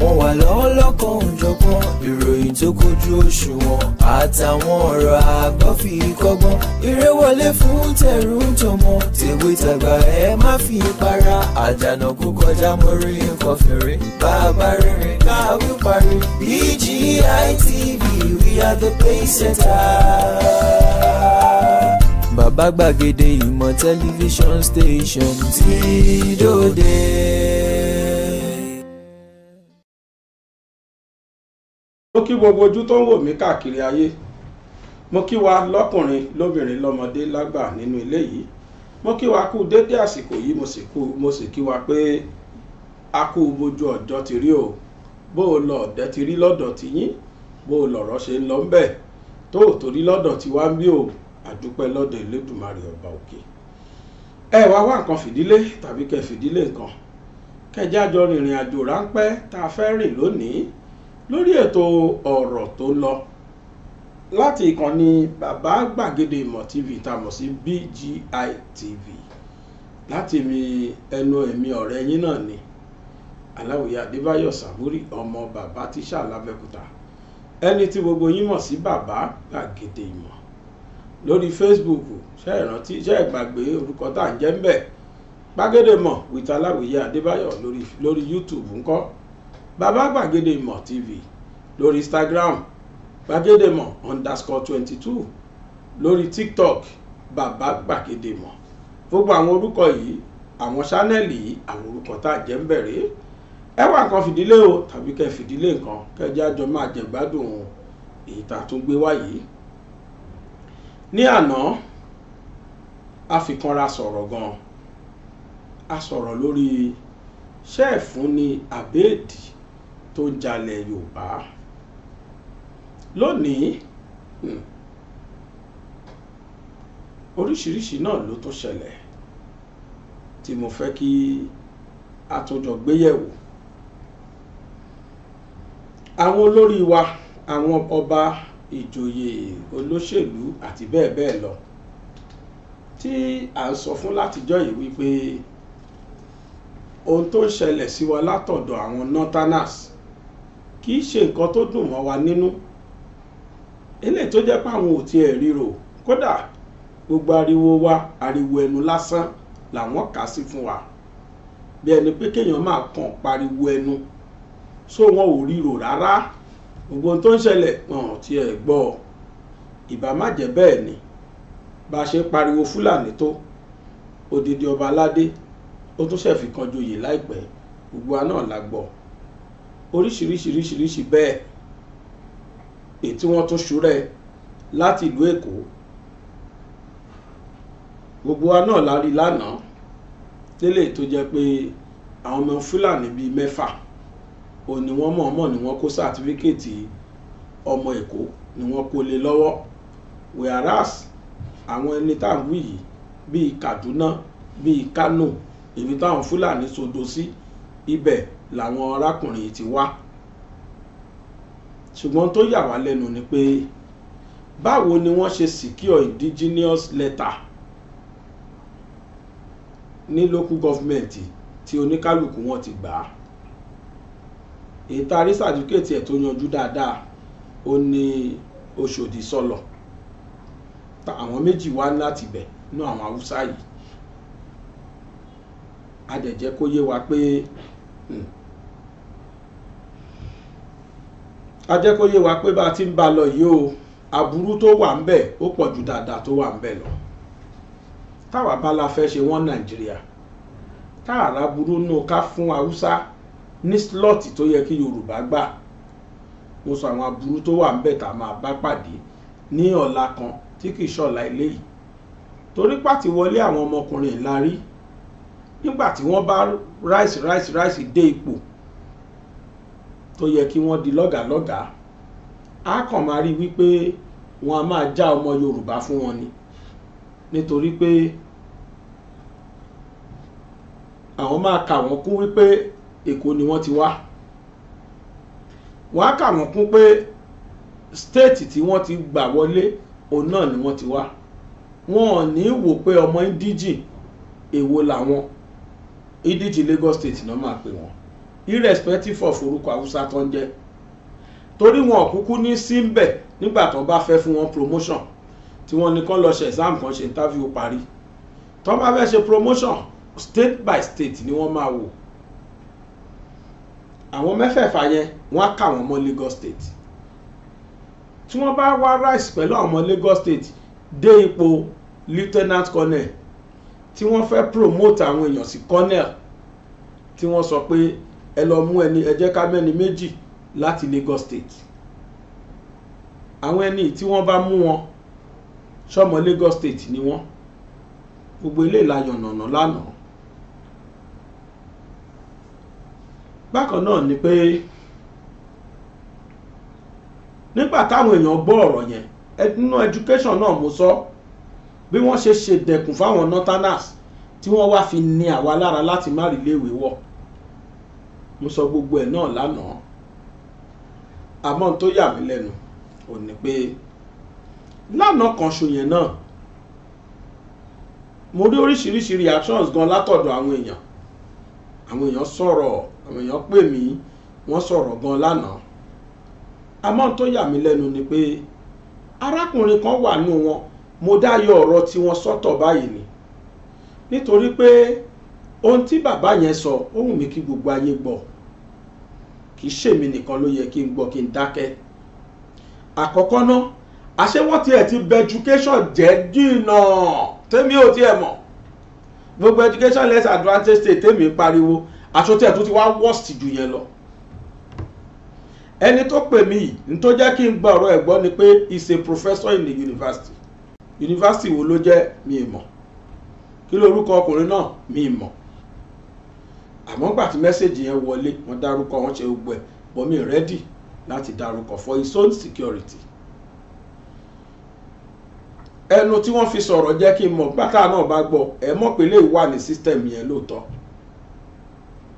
wọ́n wà lọ́wọ́ lọ́kàn òjọ̀gbọ́n ìròyìn tó kojú òṣùwọ̀n àtàwọn ọ̀rọ̀ àgbọ́ fi kọ́gbọ́n eré wọlé fún tẹ̀rù ń tọmọ tèwe tàgbà ẹ má fi para àjànà kó kọjá mọ́rí nǹkan fèrè bàbá rere káwí parí BGI TV we are the pace setter bàbá gbàgede ìmọ̀ tẹlifíṣọ̀n station tí dòde. mo kí gbogbo ojú tó ń wò mí káàkiri ayé mo kí wa lọ́kùnrin lóbìnrin lọ́mọdé lágbà nínú ilé yìí mo kí wa kú dédé àsìkò yìí mo sì kí wa pé a kú bójú ọjọ́ ti rí o bó o lọ ọ̀dẹ́ ti rí lọ́dọ̀ ti yín bó o lọ̀rọ̀ ṣe ń lọ ń bẹ̀ tó o torí lọ́dọ̀ ti wá ń bí o àdúpẹ́ lọ́dọ̀ Elédùmarè ọba òkè ẹ wá wá nǹkan fìdílé tàbí kẹ́ fìdílé nǹkan kẹjá jọ rìnrìn àjò ráńpẹ́ tá a fẹ́ rìn lónìí lórí ètò ọ̀rọ̀ tó lọ láti ìkànnì bàbá gbàgede ìmọ̀ tv tàmọ̀ sí BGI TV láti mi ẹnu ẹ̀mí ọ̀rẹ́ yín náà ni aláwòye adébáyọ̀ sàmúrì ọmọ bàbá tíṣà lábẹ́kúta ẹni tí gbogbo yín mọ̀ sí bàbá gbàgede ìmọ̀ lórí facebook ṣe ìrántí ṣe ìgbàgbé orúkọ tá à ń jẹ́ ń bẹ̀ gbàgede mọ̀ with aláwòye adébáyọ̀ lórí youtube ńkọ́ bàbá gbàgede ìmọ̀ tv lórí instagram gbàgede ìmọ̀ underscore twenty two lórí tiktok Baba gbàgede ìmọ̀ gbogbo àwọn orúkọ yìí àwọn ṣánẹ́ẹ̀lì yìí àwọn orúkọ tá a jẹ́ ń bẹ̀rẹ̀ ẹ wá nǹkan fìdílé o tàbí kẹ́ fìdílé nǹkan kẹjá jọ máa jẹ gbádùn èyí tá a tún gbé wá yìí ní àná a fi kanra sọ̀rọ̀ gan-an a sọ̀rọ̀ lórí ṣẹ́ẹ̀fún ni àbẹ́ẹ̀dì tó ń jalè Yorùbá lónìí hmm, oríṣiríṣi náà ló tún ṣẹlẹ̀ tí mo fẹ́ kí a tó jọ gbéyẹ̀wò àwọn olórí wa àwọn ọba ìjòyè olóṣèlú àti bẹ́ẹ̀ bẹ́ẹ̀ lọ tí à ń sọ fún látijọ́ yìí wípé ohun tó ń ṣẹlẹ̀ sí wa látọ̀dọ̀ àwọn northerners kì í ṣe nǹkan tó dùn mọ́ wa nínú eléyìí tó jẹ́ pé àwọn ò tiẹ̀ ríro kódà gbogbo ariwo wa ariwo ẹnu lásán làwọn kà sí fún wa bí ẹni pé kéèyàn máa kàn pariwo ẹnu so wọn ò ríro rárá gbogbo tó ń ṣẹlẹ̀ wọn ò tiẹ̀ gbọ́ ìbá má jẹ́ bẹ́ẹ̀ ni bá a ṣe pariwo fúlàní tó odidi ọba aládé ó tún ṣẹ̀fì kan joyè láìpẹ́ gbogbo wa náà la gbọ́ oríṣiríṣiríṣiríṣi bẹ́ẹ̀ èyí tí wọ́n tún ṣúrẹ́ láti ìlú èkó gbogbo wa náà la rí lánàá délé tó jẹ́ pé àwọn ọmọ fúlàní bíi mẹ́fà ò ní wọ́n mọ̀ọ́mọ̀ ni wọ́n kó sátífíkẹ́ẹ̀tì ọmọ èkó ni wọ́n kó lé lọ́wọ́ whereas àwọn ẹni tá à ń wí yìí bíi kaduna bíi kano èmi táwọn fúlàní sodo sí ibẹ̀ làwọn arákùnrin yìí ti wá ṣùgbọ́n tó yà wá lẹ́nu ni pé báwo ni wọ́n ṣe secure indigenous letter ní local government tí oníkálukú wọn ti gbà á ètò àrí sàdúkètì ẹ̀ tó yanjú dáadáa ó ní Ọ̀ṣọ́dì sọ̀lọ̀ àwọn méjì wá láti bẹ̀ nú àwọn haúsá yìí a dẹ̀ jẹ́ kó yé wa pé. Hmm. a jẹ́ kó wa pé bá a ti ń ba lọ yìí o aburú tó wà ń bẹ̀ ó pọ̀ ju dáadáa tó wà ń bẹ̀ lọ táwa bá la fẹ́ ṣe wọ́n nàìjíríà táàrà burú nù ká fún haúsá ní slọ́ọ̀tì tó yẹ kí yorùbá gbà mo sọ àwọn aburú tó wà ń bẹ̀ tá a máa bá pàdé ní ọ̀la kan tí kì í ṣọ̀la eléyìí torí pàtí wọlé àwọn ọmọkùnrin ńlá rí nígbà tí wọ́n bá ráìsì ráìsì ráìsì dé ipò tó yẹ kí wọ́n di lọ́gàálọ́gàá á kàn máa rí wípé wọn a máa já ọmọ Yorùbá fún wọn ni nítorí pé àwọn máa kà wọ́n kún wípé Èkó ni wọ́n ti wá wọ́n á kà wọ́n kún pé stéètì tí wọ́n ti gbà wọlé òun náà ni wọ́n ti wá wọn ò ní wò pé ọmọ ndíjì èwo làwọn ndíjì Lagos State náà máa pè wọ́n irrespective of orúkọ haúsá tó ń jẹ́ torí wọn kúkú ní síbẹ̀ nígbà tó bá fẹ́ fún wọn promotion tí wọ́n ní kán lọ ṣe exam kan ṣe interview parí tó bá fẹ́ ṣe promotion state by state ni wọ́n máa wò àwọn mẹ́fẹ̀ẹ̀fà yẹn wọ́n á kà wọ́n mọ́ Lagos state tí wọ́n bá wá rise pẹ̀lú àwọn ọmọ Lagos state dé ipò lieutenant colonel tí wọ́n fẹ́ promote àwọn èèyàn sí colonel tí wọ́n sọ pé ẹ lọ mú ẹni ẹ jẹ́ ká mẹ́ni méjì láti Lagos State àwọn ẹni tí wọ́n bá mú wọn sọmọ Lagos State ni wọ́n gbogbo la ìlàyànnànà lánàá bákan náà ni pé nígbà táwọn èèyàn gbọ́ ọ̀rọ̀ yẹn nínú education náà mo sọ bí wọ́n ṣe ṣèdẹ̀kùn fáwọn northerners tí wọ́n wá fi ní àwa lára láti má rí iléèwé wọ̀ mo sọ gbogbo ẹ̀ náà lánàá àmọ́ tó yà mí lẹ́nu ò ní pé lánàá kan ṣòyẹn náà mo rí oríṣiríṣi reactions gan látọ̀dọ̀ àwọn èèyàn àwọn èèyàn sọ̀rọ̀ àwọn èèyàn pè mí wọ́n sọ̀rọ̀ gan lánàá àmọ́ tó yà mí lẹ́nu ni pé arákùnrin kan wà nù wọn mo dá yọ ọ̀rọ̀ tiwọn sọ́tọ̀ báyìí ni nítorí pé ohun tí bàbá yẹn sọ ó wù mí kí gbogbo ayé gbọ́ kì í ṣèmi nìkan ló yẹ kí n gbọ́ kí n dákẹ́ àkọ́kọ́ náà àṣé wọ́n ti bẹ education jẹ́ jìnnà tèmi ò tiẹ̀ mọ̀ gbogbo education less advantage state tèmi ń pariwo àtúntì ẹ̀ tó ti wá worst jù yẹn lọ ẹni tó pè mí n tó jẹ́ kí n gba ọ̀rọ̀ ẹ̀ gbọ́ ni pé he is a professor in the university university wo ló jẹ́ mi ì mọ̀ kí ló orúkọ ọkùnrin náà mi mọ̀ àmọ́ nígbà tí mẹ́sẹ̀gì yẹn wọlé wọ́n dárúkọ wọ́n ṣe gbogbo ẹ̀ bọ́mí rẹ́dì láti dárúkọ for his own security ẹnu tí wọ́n fi sọ̀rọ̀ jẹ́ kí n mọ̀ gbàtà náà bá gbọ́ ẹ mọ̀ pé lè wà ní sísítẹ̀mù yẹn lóòótọ́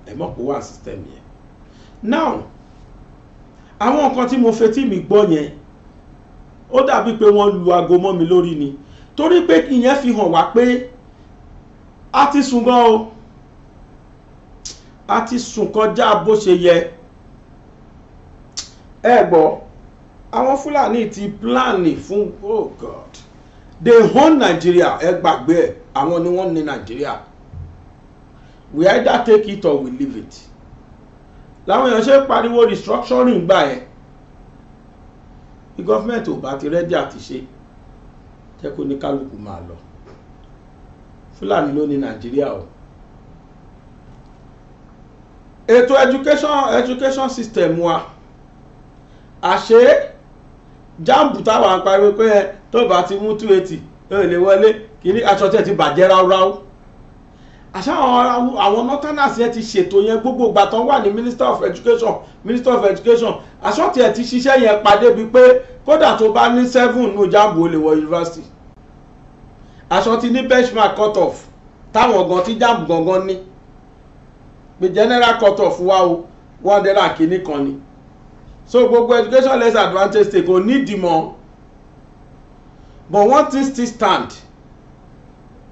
ẹ mọ̀ pé wà ní sísítẹ̀mù yẹn now àwọn nǹkan tí mo fetí mi gbọ́ yẹn ó dàbí pé wọ́n lu aago mọ́ mi lórí ni torí pé ìyẹn fi hàn wá pé a ti sùn gan o a ti sùn kọjá bó ṣe yẹ ẹ gbọ́ àwọn fúlàní ti pílánì fún oh god the whole nigeria ẹ gbàgbé ẹ àwọn ni wọ́n ní nigeria we either take it or we leave it làwọn èèyàn ṣe pariwo restructuring gbà ẹ bí gọ́fìmẹ̀ntì ò bá ti rẹ́dí àti ṣe jẹ́ kó ní kálukú máa lọ fúlàní ló ní nàìjíríà o ètò education education system wa àṣé jambu táwa ń pariwo pé ẹ tó bá ti mú two eighty ẹ lè wọlé kí ní aṣọ tí ẹ ti bàjẹ́ ráúráú àṣà àwọn northerners yẹn ti ṣètò yẹn gbogbo ìgbà tán wà ní minister of education minister of education àṣọ tiẹ̀ ti ṣiṣẹ́ yẹn pàdé bíi pé kódà tó bá ní seven nù jambu ó lè wọ university àṣọ ti ní benchmark cut off táwọn gan ti jambu gangan ní pé general cut off wa o one hundred kìíní kan ni so gbogbo education less advantage state kò ní ìdìmọ̀ but one thing still stand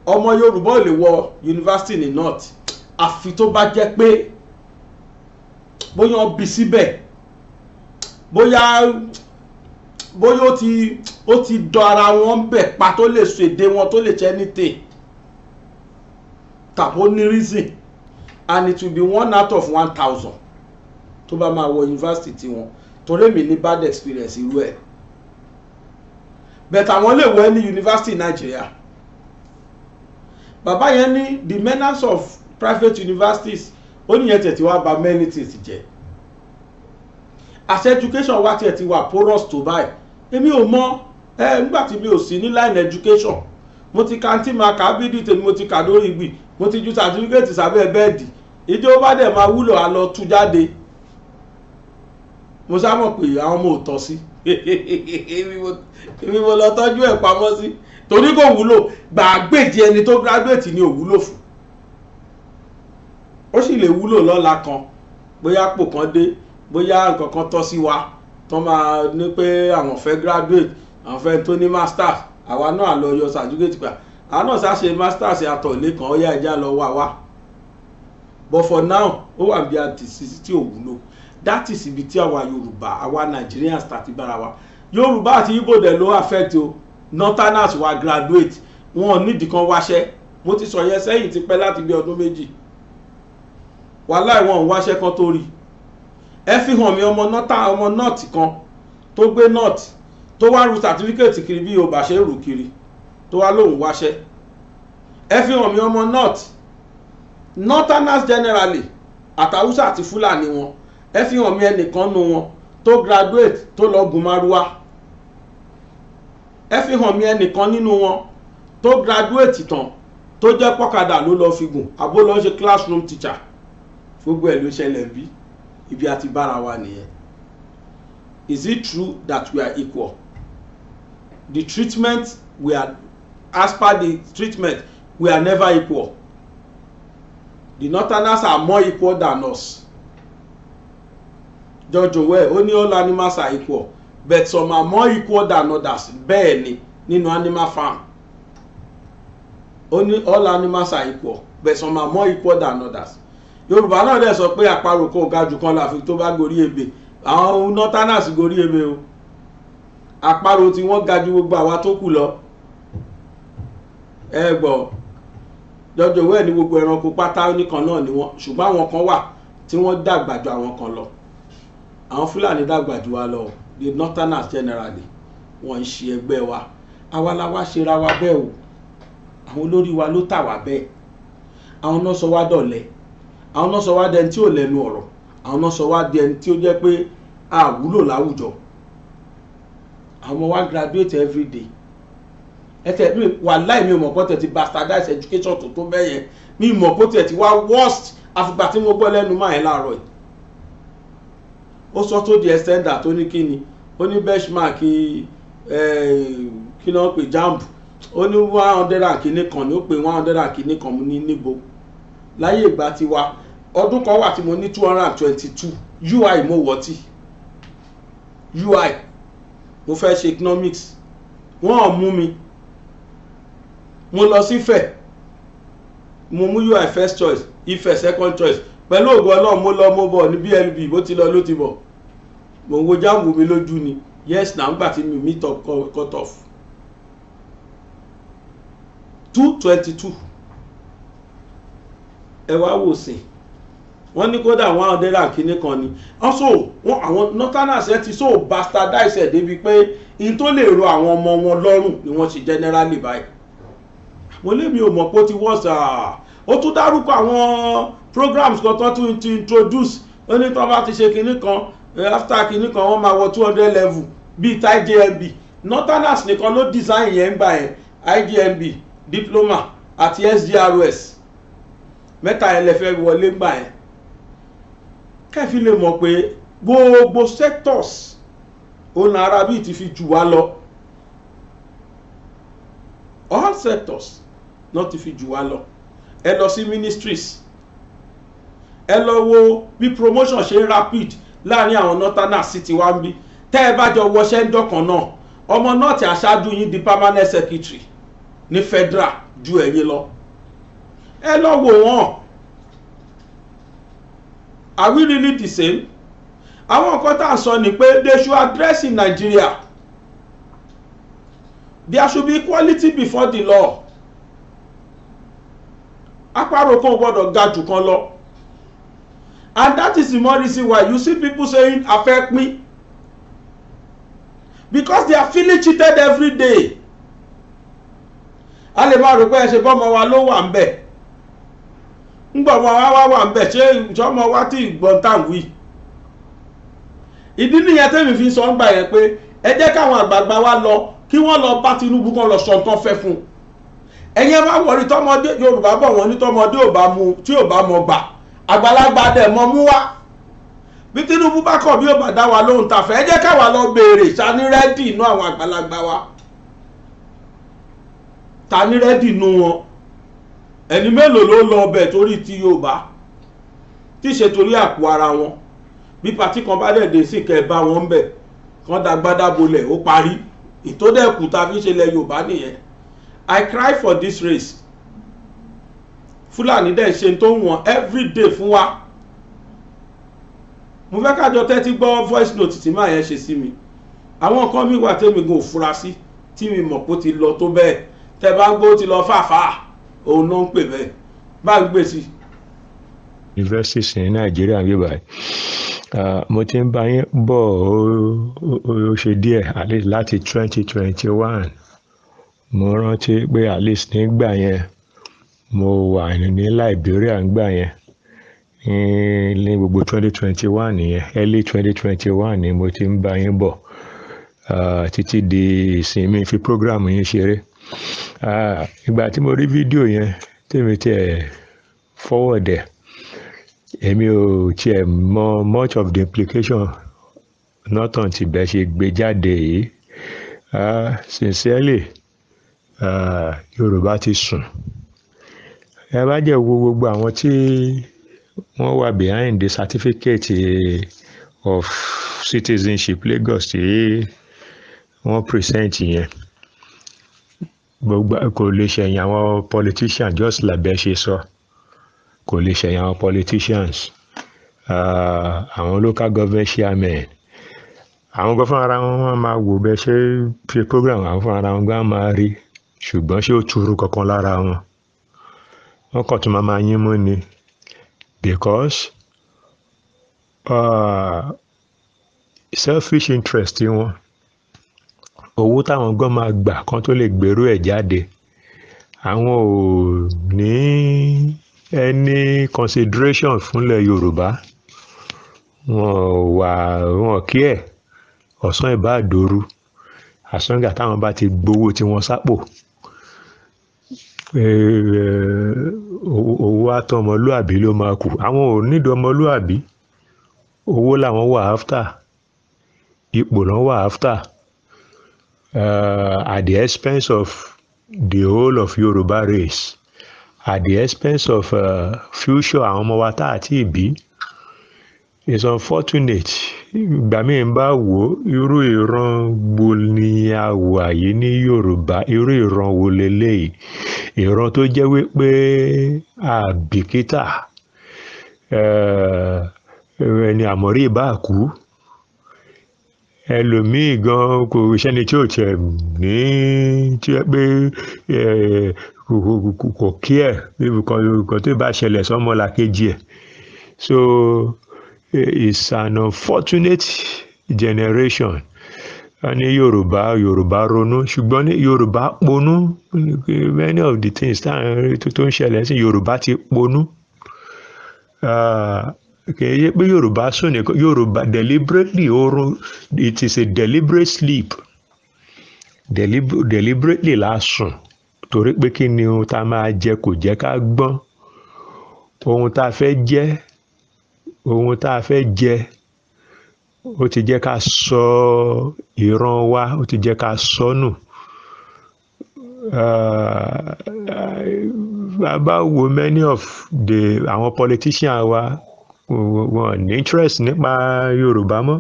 ọmọ yorùbá ò lè wọ yunifásitì ní north àfi tó bá jẹ́ pé bóyá ó bí síbẹ̀ bóyá bóyá ó ti ó ti dọ ara wọn bẹ̀ pa tó lè so èdè wọn tó lè ṣe anything tàbó ní reason and it will be one out of one thousand tó bá máa wọ yunifásitì tiwọn torí èmi ní bad experience irú ẹ̀ bẹ̀tà àwọn lè wọ ní yunifásitì nàìjíríà bàbá yẹn ní the menace of private universities ó nìyẹn tẹ̀ tí wàá many things jẹ́ As education wa tiẹ̀ ti wà porous tó báyìí èmi ò mọ ẹ nígbà tí mi ò sí ní line education mo ti kàntí ma kà á bídìí tèmi mo ti kà lórí igbì mo ti ju certificate sábẹ́ bẹ́ẹ̀dì ìjọ bá dẹ̀ máa wúlò a lọ tú jáde mo sá mọ̀ pé àwọn ọmọ ò tọ́ sí èmi mo lọ tọ́jú ẹ̀ pamọ́ sí torí kò wúlò gbàgbéjì ẹni tó gíráduwétì ni ò wúlò fún ó sì lè wúlò lọ́la kan bóyá pò kan dé bóyá nǹkan kan tọ́ sí wa tó máa ní pé àwọn fẹ́ gíráduwétì àwọn fẹ́ tó ní masters àwa náà lọ yọ certificate pa àwọn náà sá ṣe masters àtọ̀ lẹ́kàn ó yá ẹja lọ wá wá but for now ó wà bí àtìsí tí ò wúlò that is ibi tí àwa yorùbá àwa nigerians tàbí bára wa yorùbá àti ibo dẹ̀ ló affect o northerners wa graduate wọn nídìí kan wáṣẹ́ mo ti sọ yẹn sẹ́yìn ti pẹ́ láti bí ọdún méjì wàláì wọn ò wáṣẹ́ kan tó rí ẹ fi hàn mí ọmọ nọ́tà ọmọ nọ́ọ̀tì kan tó gbé nọ́ọ̀tì tó wá ru sàtífíkẹ́ẹ̀tì kiri bí yorùbá ṣe rù kiri tó wá lóun wáṣẹ́ ẹ fi hàn mí ọmọ nọ́ọ̀tì northerners generally àtàwùsà àti fúlàní wọn ẹ fi hàn mí ẹnìkan nu wọn tó graduate tó lọ gun ẹ fi hàn mí ẹnìkan nínú wọn tó graduate tán tó jẹ́ pọ́kadà ló lọ́ọ́ fi gùn àbó lọ́ọ́ ṣe classroom teacher gbogbo ẹ̀ ló ṣẹlẹ̀ bí ibi àti bára wa nìyẹn is it true that we are equal the treatment we are as per the treatment we are never equal the northerners are more equal than us George Orwell ó ní all animals are equal but some are more equal than others bẹ́ẹ̀ ni nínú animal farm Only all animals are equal but some are more equal than others Yorùbá náà dẹ̀ sọ pé àparò kò ga jù kan láfi tó bá gorí ebè àwọn northerners gorí ebè o àparò tí wọ́n ga ju gbogbo àwa tó kù lọ ẹ gbọ́. George Orwell ní gbogbo ẹranko pátá oníkan náà ni wọ́n ṣùgbọ́n àwọn kan wà tí wọ́n dàgbà ju àwọn kan lọ àwọn Fúlàní dàgbà ju wa lọ the northerners generally wọ́n ń ṣe ẹgbẹ́ wa àwa la wá ṣera wa bẹ́ẹ̀ o àwọn olórí wa ló tà wá bẹ́ẹ̀ àwọn náà sọ wá dọ̀lẹ àwọn náà sọ wá dẹni tí ò lẹ́nu ọ̀rọ̀ àwọn náà sọ wá dẹni tí ó jẹ́ pé àwúlò láwùjọ àwọn ọmọ wa graduate every day ẹtẹ mi wàláì mi ò mọ̀ pọ́tẹ̀ ti bastardize education tó tó bẹ́ẹ̀ yẹn mi mọ̀ pọ́tẹ̀ ti wá worst àfìgbà tí mo gbọ́ lẹ́nu máa yẹn láàárọ̀ yìí ó sọ tó di extender tó ní kíni ó ní benchmark kí náà pè jamb ó ní one hundred and kìíní kan ní ó pè one hundred and kìíní kan ní níbo láyé ìgbà ti wa ọdún kan wà tí mo ní two hundred and twenty two ui mo wọ́tì ui mo fẹ́ ṣe economics wọ́n mú mi mo lọ sí Ifẹ̀ mo mú UI first choice Ifẹ̀ second choice pẹ̀lú ògùn ọlọ́run mo lọ mo bọ̀ ní BNB bó ti lọ ló ti bọ̀ mo ń wo jáàmù mi lójú ni yes na ń tí mi meet up cut off two twenty two ẹ wá wò sí wọ́n ní kódà one hundred and kìíní kan ni also wọn àwọn northerners ẹ ti so bastardize ẹ̀ débi pé in tó lè ro àwọn ọmọ wọn lọ́rùn ni wọ́n ṣe generally báyìí mo lé mi ò mọ̀ pé ó ti wọ́sà ó tún dárúkọ àwọn programs kan tán tún ti introduce ó ní tán bá ti ṣe kinní kan eh, after kinní kan wọ́n máa wọ two hundred level bíi ti IJMB northerners nìkan ló design yẹn ń gbà yẹn IJMB diploma àti SGRS mẹ́ta yẹn lè fẹ́ wọlé ń gbà yẹn kẹ́fì lè mọ̀ pé gbogbo sectors òun ara bíi ti fi jù wá lọ all sectors náà ti fi jù wá lọ ẹ lọ sí ministries ẹ lọ wo bí promotion ṣe rapid láàrin àwọn northerners sí tiwa ń bí tẹ́ ẹ bá jọ wọṣẹ́ ń dọ̀kan náà ọmọ nọ́ọ̀tì aṣáájú yín di permanent secretary ní federal ju ẹ̀yin lọ ẹ lọ wò wọ́n are we really the same àwọn nǹkan tá à ń sọ ni pé they should address in Nigeria there should be equality before the law àparò kan gbọ́dọ̀ ga jù kan lọ and that is the more reason why you see people saying a fẹ́ pín because they are feeling cheated every day a lè máa rò pé ẹ ṣe bọ́mọ wa ló wà ń bẹ̀ ńgbà ọmọ wa wá wà ń bẹ̀ ṣé ìjọmọ wa tí ìgbọ́n tàn wí ìdí nìyẹn tẹ́mi fi sọ ń gbà yẹn pé ẹ jẹ́ káwọn àgbààgbà wa lọ kí wọ́n lọ bá Tinubu kan lọ sọ fẹ́ fún un ẹ̀yin ẹ má wọrí tọmọdé yorùbá bọ̀ wọ́n ní tọmọdé ò bá mu tí ò bá mọ gbà àgbàlagbà dẹ̀ mọ mú wá bí tinubu bá kọ̀ bí ó bá dá wa lóhùn ta fẹ́ ẹ jẹ́ káwa lọ béèrè sani rẹ́dì inú àwọn àgbàlagbà wa tani rẹ́dì inú wọn ẹni mélòó ló lọ ọbẹ̀ torí ti yorùbá tí ṣe torí àpò ara wọn bí pati kan bá dẹ̀ dé sí kẹ́ ẹ bá wọn bẹ̀ kán dagbádá bolẹ̀ ó parí ìtòdẹ̀kù ta fi ṣe lẹ yorùbá nìyẹn. I cry for this race Fúlàní dẹ̀ ṣe tó wọ̀n every day fún wa mo fẹ́ kájọ tẹ́tí gbọ́ voice note tí màá yẹn ṣe sí mi àwọn nǹkan mi wà tẹ́mi gan òfura sí tí mi mọ̀ pé ó ti lọ tó bẹ́ẹ̀ tẹ́ bá ń gbọ́ ó ti lọ fàáfàá òun náà ń pè bẹ́ẹ̀ bá ń gbé sí i universities ní nàìjíríà bí báyìí mo ti ń bá yín bọ̀ ó ṣe díẹ̀ àlè láti twenty twenty one Mo rántí pé at least nígbà yẹn mo wà ní Liberia nígbà yẹn. Ní gbogbo 2021 yẹn, early 2021 ni mo ti ń bá yín bọ̀, ah, títí di ìsìn fi program yín ṣeré. Ah, ìgbà tí mo rí fídíò yẹn tí èmi ti ẹ̀ forward ẹ̀, èmi ò ti è mọ much of the implication not tán tí bẹ́ẹ̀ ṣe gbé jáde yìí. Ah, sincerely. Eh, Yorùbá ti sùn ẹ bá jẹ́ wo gbogbo àwọn tí wọ́n wà behind the certificate of citizenship Lagos tí wọ́n present yẹn gbogbo kò lè ṣẹ̀yìn àwọn politicians just labẹ́ ṣe sọ kò lè ṣẹ̀yìn àwọn politicians eh, àwọn local government chairman. àwọn gan fúnra wọn máa wò bẹ́ẹ̀ ṣe program àwọn fúnra wọn gan máa rí ṣùgbọ́n ṣé ó tuuru kankan lára wọn wọ́n kàn tún máa yín mú ni because uh, selfish interest wọn owó táwọn gan máa gbà kan tó lè gbèrú ẹ̀ jáde àwọn ò ní any consideration fúnlẹ̀ Yorùbá wọn wà wọn kí ẹ̀ ọ̀sán ìbá àdóru àsọ̀ǹgà táwọn bá ti gbowó tí wọ́n sápò owó àtọmọlúàbí ló máa kù àwọn ò nídìí ọmọlúàbí owó làwọn wà after ipò làwọn wà after at the expense of the whole of Yoruba race at the expense of uh, future àwọn ọmọ wa tá àti ìbí is unfortunate ìgbà míì ń bá wò irú ìran wo ni a wà yìí ní Yorùbá irú ìran wo leléyìí ìran tó jẹ́ wípé àbìkítà eh, ẹni àmọ́rí ìbá ẹlòmíì gan kò sẹ́ni tí ò tiẹ̀ ní tí ó pé eh, kò kí ẹ̀ nǹkan tó bá ṣẹlẹ̀ sọ́mọlà kejì ẹ̀ so eh, it's an unfortunate generation a ní yorùbá yorùbá ronú ṣùgbọ́n ní yorùbá ponú many of the things tó ń ṣẹlẹ̀ sí yorùbá ti ponú ah, kì í ṣe pé yorùbá sùn nìkan yorùbá deliberately oorun it is a deliberate sleep deliberately la sùn torí pé kí ni ohun tá a máa jẹ kò jẹ́ ká gbọ́n ohun tá a fẹ́ jẹ ohun tá a fẹ́ jẹ ó ti jẹ́ ká sọ ìran wa ó ti jẹ́ ká sọ nù bàbá wo many of the àwọn politicians wa wọn ní interest nípa Yorùbá mọ́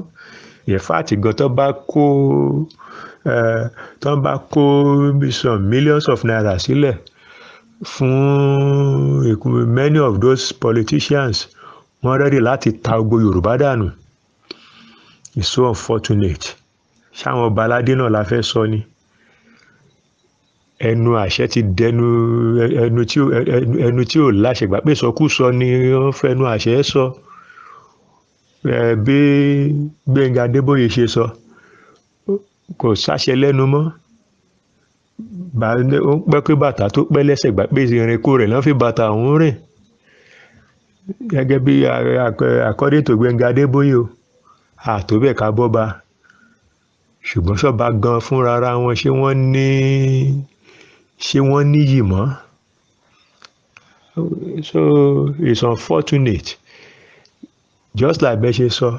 in fact gan tó bá kó tó bá kó some millions of naira sílẹ̀ fún many of those politicians wọ́n rẹ́dí láti ta gbogbo Yorùbá dànù is so unfortunate ṣáwọn ọba aládé náà la fẹ́ sọ ni ẹnu àṣẹ ti dẹnu ẹnu tí ẹnu tí ò láṣẹ gbà pé sọkúsọ ni wọ́n fẹnu àṣẹ sọ bí Gbẹ́ngà Adébóyè ṣe sọ kò sáṣẹ lẹ́nu mọ́ ó ń pẹ́ pé bàtà tó pẹ́ lẹ́sẹ̀ gbà pé ìrìn kó lọ́n fi bàtà òun rìn gẹ́gẹ́ bí according to Gbẹ́ngà Adébóyè o àtó bẹ́ẹ̀ ká bọ́ba ṣùgbọ́n sọ́ba gan fúnra ra wọn ṣé wọ́n ní ṣé wọ́n níyì mọ́ so it's unfortunate just like bẹ́ẹ̀ ṣe sọ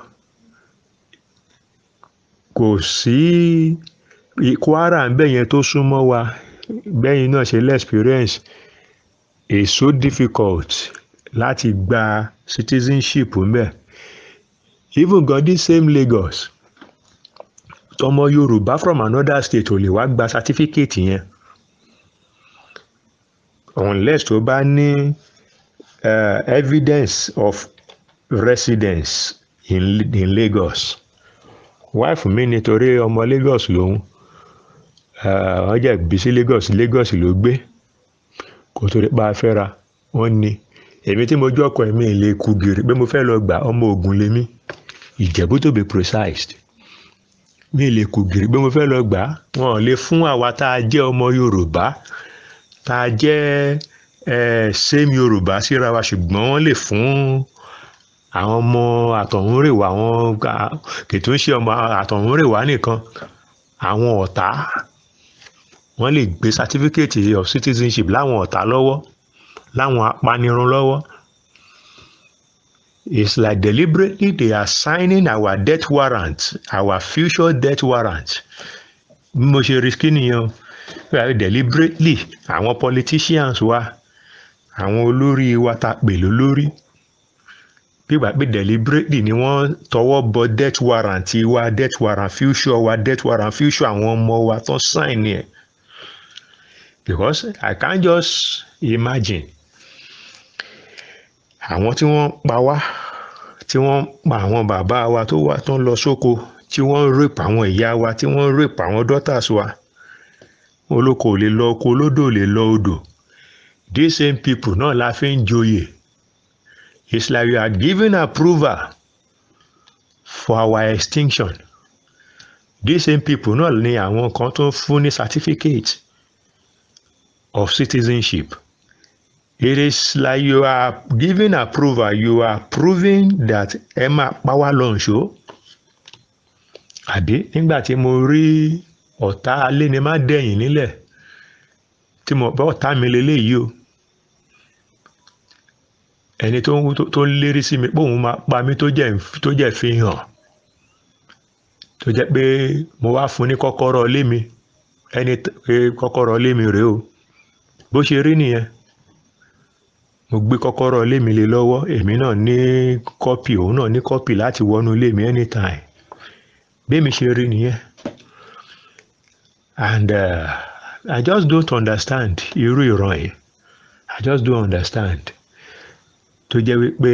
kò sí Kwara ń bẹ̀ yẹn tó súnmọ́ wa bẹ́yìn náà ṣe l'experience is so difficult láti gba citizenship ń bẹ̀ even gan this same Lagos ọmọ Yorùbá from another state ò lè wá gba certificate yẹn unless tó bá ní uh, evidence of residence in, in Lagos wife mi nítorí ọmọ Lagos lòun eh, wọ́n jẹ́ gbé Lagos Lagos ló gbé kó tó lè pa afẹ́ra wọ́n ní èmi tí mo jọ́ ọkọ̀ ẹ̀mí ìlé kú gírí pé mo fẹ́ lọ gbà ọmọ Ògùn lèmi. Ìjẹ̀bú to be precise mi lè kù gìrì pé mo fẹ́ lọ gbà á wọn ò lè fún àwa tá a jẹ́ ọmọ Yorùbá tá a jẹ́ sẹ́mi Yorùbá síra wa ṣùgbọ́n wọ́n lè fún àwọn ọmọ àtọ̀húnrèwà àwọn kìtù ń ṣe ọmọ àtọ̀húnrèwà nìkan àwọn ọ̀tá wọ́n lè gbé certificate of citizenship láwọn ọ̀tá lọ́wọ́ láwọn apanirun lọ́wọ́ It's like deliberately they are signing our death warrant, our future death warrant. Mo ṣe risk nìyẹn o. Deliberately àwọn politicians wa, àwọn olórí wa ta pè lólórí. Bígbà pé deliberately ni wọ́n tọwọ́ bọ death warrant wa, death warrant future wa, death warrant future àwọn ọmọ wa tán sign ẹ̀. Because I can't just imagine àwọn tí wọ́n ń pa wá tí wọ́n ń pa àwọn bàbá wa tó wà tó ń lọ sóko tí wọ́n ń rape àwọn ìyá wa tí wọ́n ń rape àwọn daughters wa olóko ò lè lọ oko olódò ò lè lọ odò these same people náà la fi ń joyè it's like we are giving approval for our extinction these same people náà ni àwọn kan tó ń fún ní certificate of citizenship It is like you are giving approval. You are proving that ẹ máa pa wá lọ́nṣọ́. Àbí nígbà tí mo rí ọ̀tá alénimádẹ̀yìn nílẹ̀ tí mo bá ọ̀tá mi leléyìí o. Ẹni tó ń lérí sí mi pé òun máa pa mí tó jẹ́ fi hàn. Tó jẹ́ pé mo wá fún ní kọ́kọ́rọ́ ilé mi. Ẹni kọ́kọ́rọ́ ilé mi rèé o. Bó ṣe rí nìyẹn mo gbé kọ́kọ́rọ́ ilé mi lé lọ́wọ́ èmi náà ní kọ́pì òun náà ní kọ́pì láti wọnú ilé mi anytime bẹ́ẹ̀ mi ṣe rí nìyẹn and uh, I just don't understand irú ìran yìí I just don't understand tó jẹ́ wípé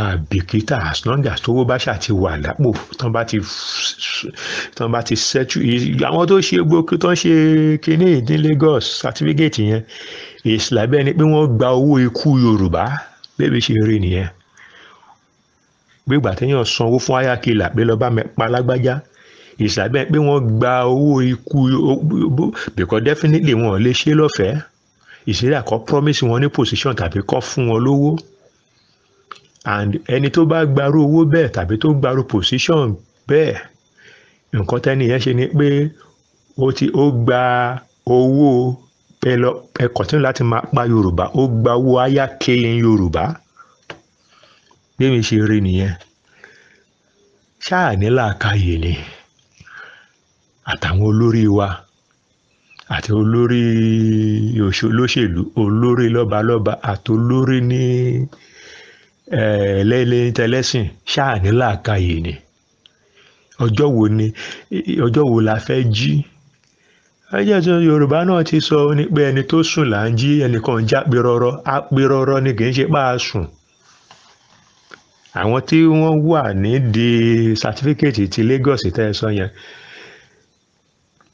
àbìkítà as long as tówó bá ṣà ti wà lápò tán bá ti tán bá ti ṣẹ́tù àwọn tó ṣe gbókú tán ṣe kínní ní Lagos certificate yẹn èsì lábẹ́ ni pé wọ́n gba owó ikú yorùbá bébí ṣe rí nìyẹn gbégbà téèyàn sanwó fún ayákìlà pé lọ́ọ́ bá mi pa lágbájá èsì lábẹ́ pé wọ́n gba owó ikú because definitely wọn ò lè ṣe lọ́fẹ̀ẹ́ ìṣẹ̀lẹ̀ àkọ́ promise wọn ní position tàbí kọ́ fún wọn lówó and ẹni tó bá gbarú owó bẹ́ẹ̀ tàbí tó gbarú position bẹ́ẹ̀ nǹkan tẹ́ni yẹn ṣe ni pé ó ti ó gba owó ẹ lọ ẹ kọ̀tínú láti máa pa yorùbá ó gba owó aya killing yorùbá bẹ́ẹ̀ ṣe rí nìyẹn ṣáà ní làákàyè ni àtàwọn olórí wa àti olórí olóṣèlú olórí lọ́balọ́ba àti olórí ní ẹ̀ẹ́lẹ́lẹ́ tẹlẹ́sìn ṣáà ní làákàyè ni ọjọ́ wo ni ọjọ́ wo la fẹ́ jí ẹjẹsọ yorùbá náà ti sọ ní pé ẹni tó sùn là ń jí ẹnìkan já pirọrọ á pirọrọ ni kì í ṣe pa á sùn àwọn tí wọ́n wà nídìí sátífíkẹ́tì ti Lagos tẹ́ ẹ sọ yẹn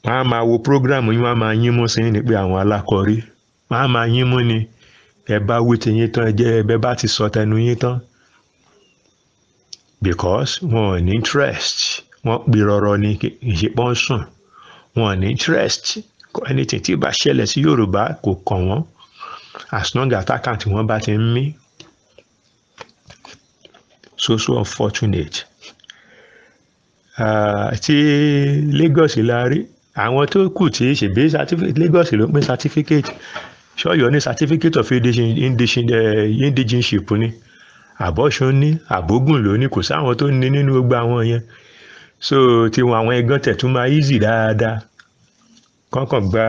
wọ́n á máa wo prógrámù yín wọ́n á máa yín mú sí ní pé àwọn alákọ̀ọ́rí wọ́n á máa yín mú ni ẹ bá wí ti yín tán ẹ jẹ́ ẹ bá ti sọ tẹnu yín tán because wọn ò ní interest wọ́n pirọrọ ni kì í ṣe pọ́n wọn ní interest anything tí ìbá ṣẹlẹ̀ sí Yorùbá kò kàn wọ́n as long as account wọn bá ti ń mí so so unfortunate ah, ti Lagos la rí àwọn tó kù tí ṣègbè Lagos ló pín certificate ṣọ́yọ́ ní certificate of eh, indigenship ni àbọ̀ṣun ní àbógùn ló ní kò sáwọn tó ní nínú gbogbo àwọn yẹn so tiwọn àwọn ẹgán tẹ̀tún máa easy dáadáa kọ́kàn gba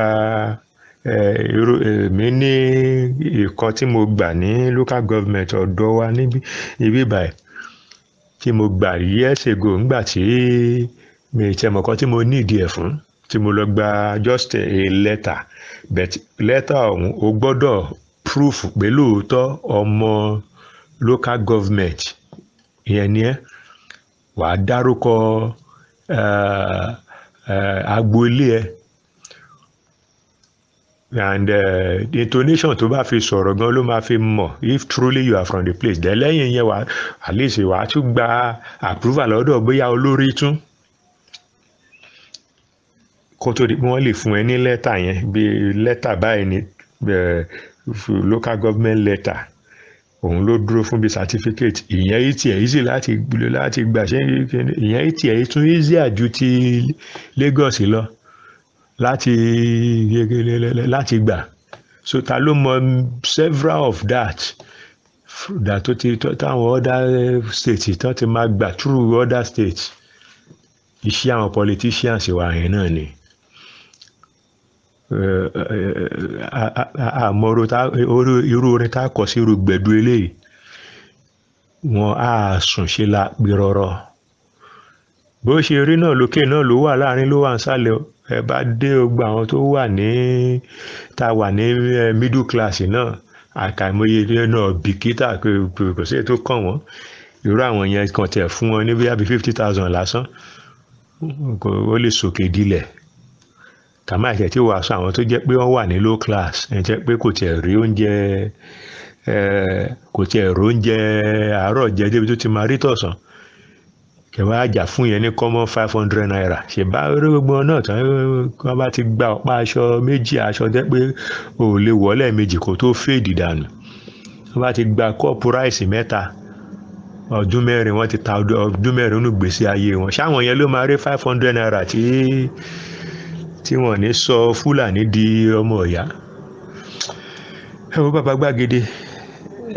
èmi ní ìkan tí mo gbà ní local government ọ̀dọ́ wa níbí ibi báyìí tí mo gbà years ago ńgbà tí mi ìtẹ̀mọ̀kan tí mo ní ìdí ẹ̀ fún tí mo lọ gba just a letter but letter ọ̀hún o gbọ́dọ̀ proof pé lóòótọ́ ọmọ local government ìyẹn ni ẹ́ wàá dárúkọ Eh, eh, agboolé ẹ and uh, intonation tó bá fi sọ̀rọ̀ gan ló máa fi mọ̀ if truly you are from the place then lẹ́yìn yẹn wà at least wàá tún gba approval lọ́dọ̀ bóyá olórí tún kó tó di pé wọ́n lè fún ẹ ní lẹ́tà yẹn bí lẹ́tà báyìí ní local government letter òun ló dúró fún bí certificate ìyẹn etí ẹ̀ easy láti gbìlò láti gbà ṣe ìyẹn etí ẹ̀ tún easy àjù ti Lagos lọ láti láti gbà so ta ló mọ several of that that tó ti táwọn other states tán ti máa gbà through other states iṣẹ́ àwọn politicians wà yẹn náà ni àmọ́ irú orin tá a kọ sí irú gbẹ̀dú eléyìí wọn á sùn ṣe la gbìrọ̀rọ̀ bó ṣe rí náà lókè náà ló wà láàrin ló wà ń sálẹ̀ ẹ bá dé gbogbo àwọn tó wà ní tá wà ní middle class náà àkàìmọye ilé náà bìkítà kò sí ètò kàn wọ́n irú àwọn yẹn kàn tẹ̀ fún wọn ní bí i fifty thousand lásán ó lè sòkè dilẹ̀ kàmá ìṣẹ̀ tí wàá sọ àwọn tó jẹ́ pé wọ́n wà ní low class ẹ̀ jẹ́ pé kò tiẹ̀ rí oúnjẹ kò tiẹ̀ rí oúnjẹ àárọ̀ jẹ débi tó ti máa rí tọ̀sán kẹ wá jà fún yẹn ní common five hundred naira ṣe bá orí gbogbo náà tán wọn bá ti gba ọ̀pá aṣọ méjì aṣọ jẹ́ pé o ò lè wọlé méjì kó tó fèèdì dànù wọn bá ti gba kọ́ọ̀pù ráìsì mẹ́ta ọdún mẹ́rin wọ́n ti ta ọdún mẹ́rin nínú gbèsè ayé wọn ṣáwọn yẹn ló máa rí five hundred naira tí. Ti tí wọ́n ní sọ fúlàní di ọmọ ìyá ẹ wo bàbá gbàgede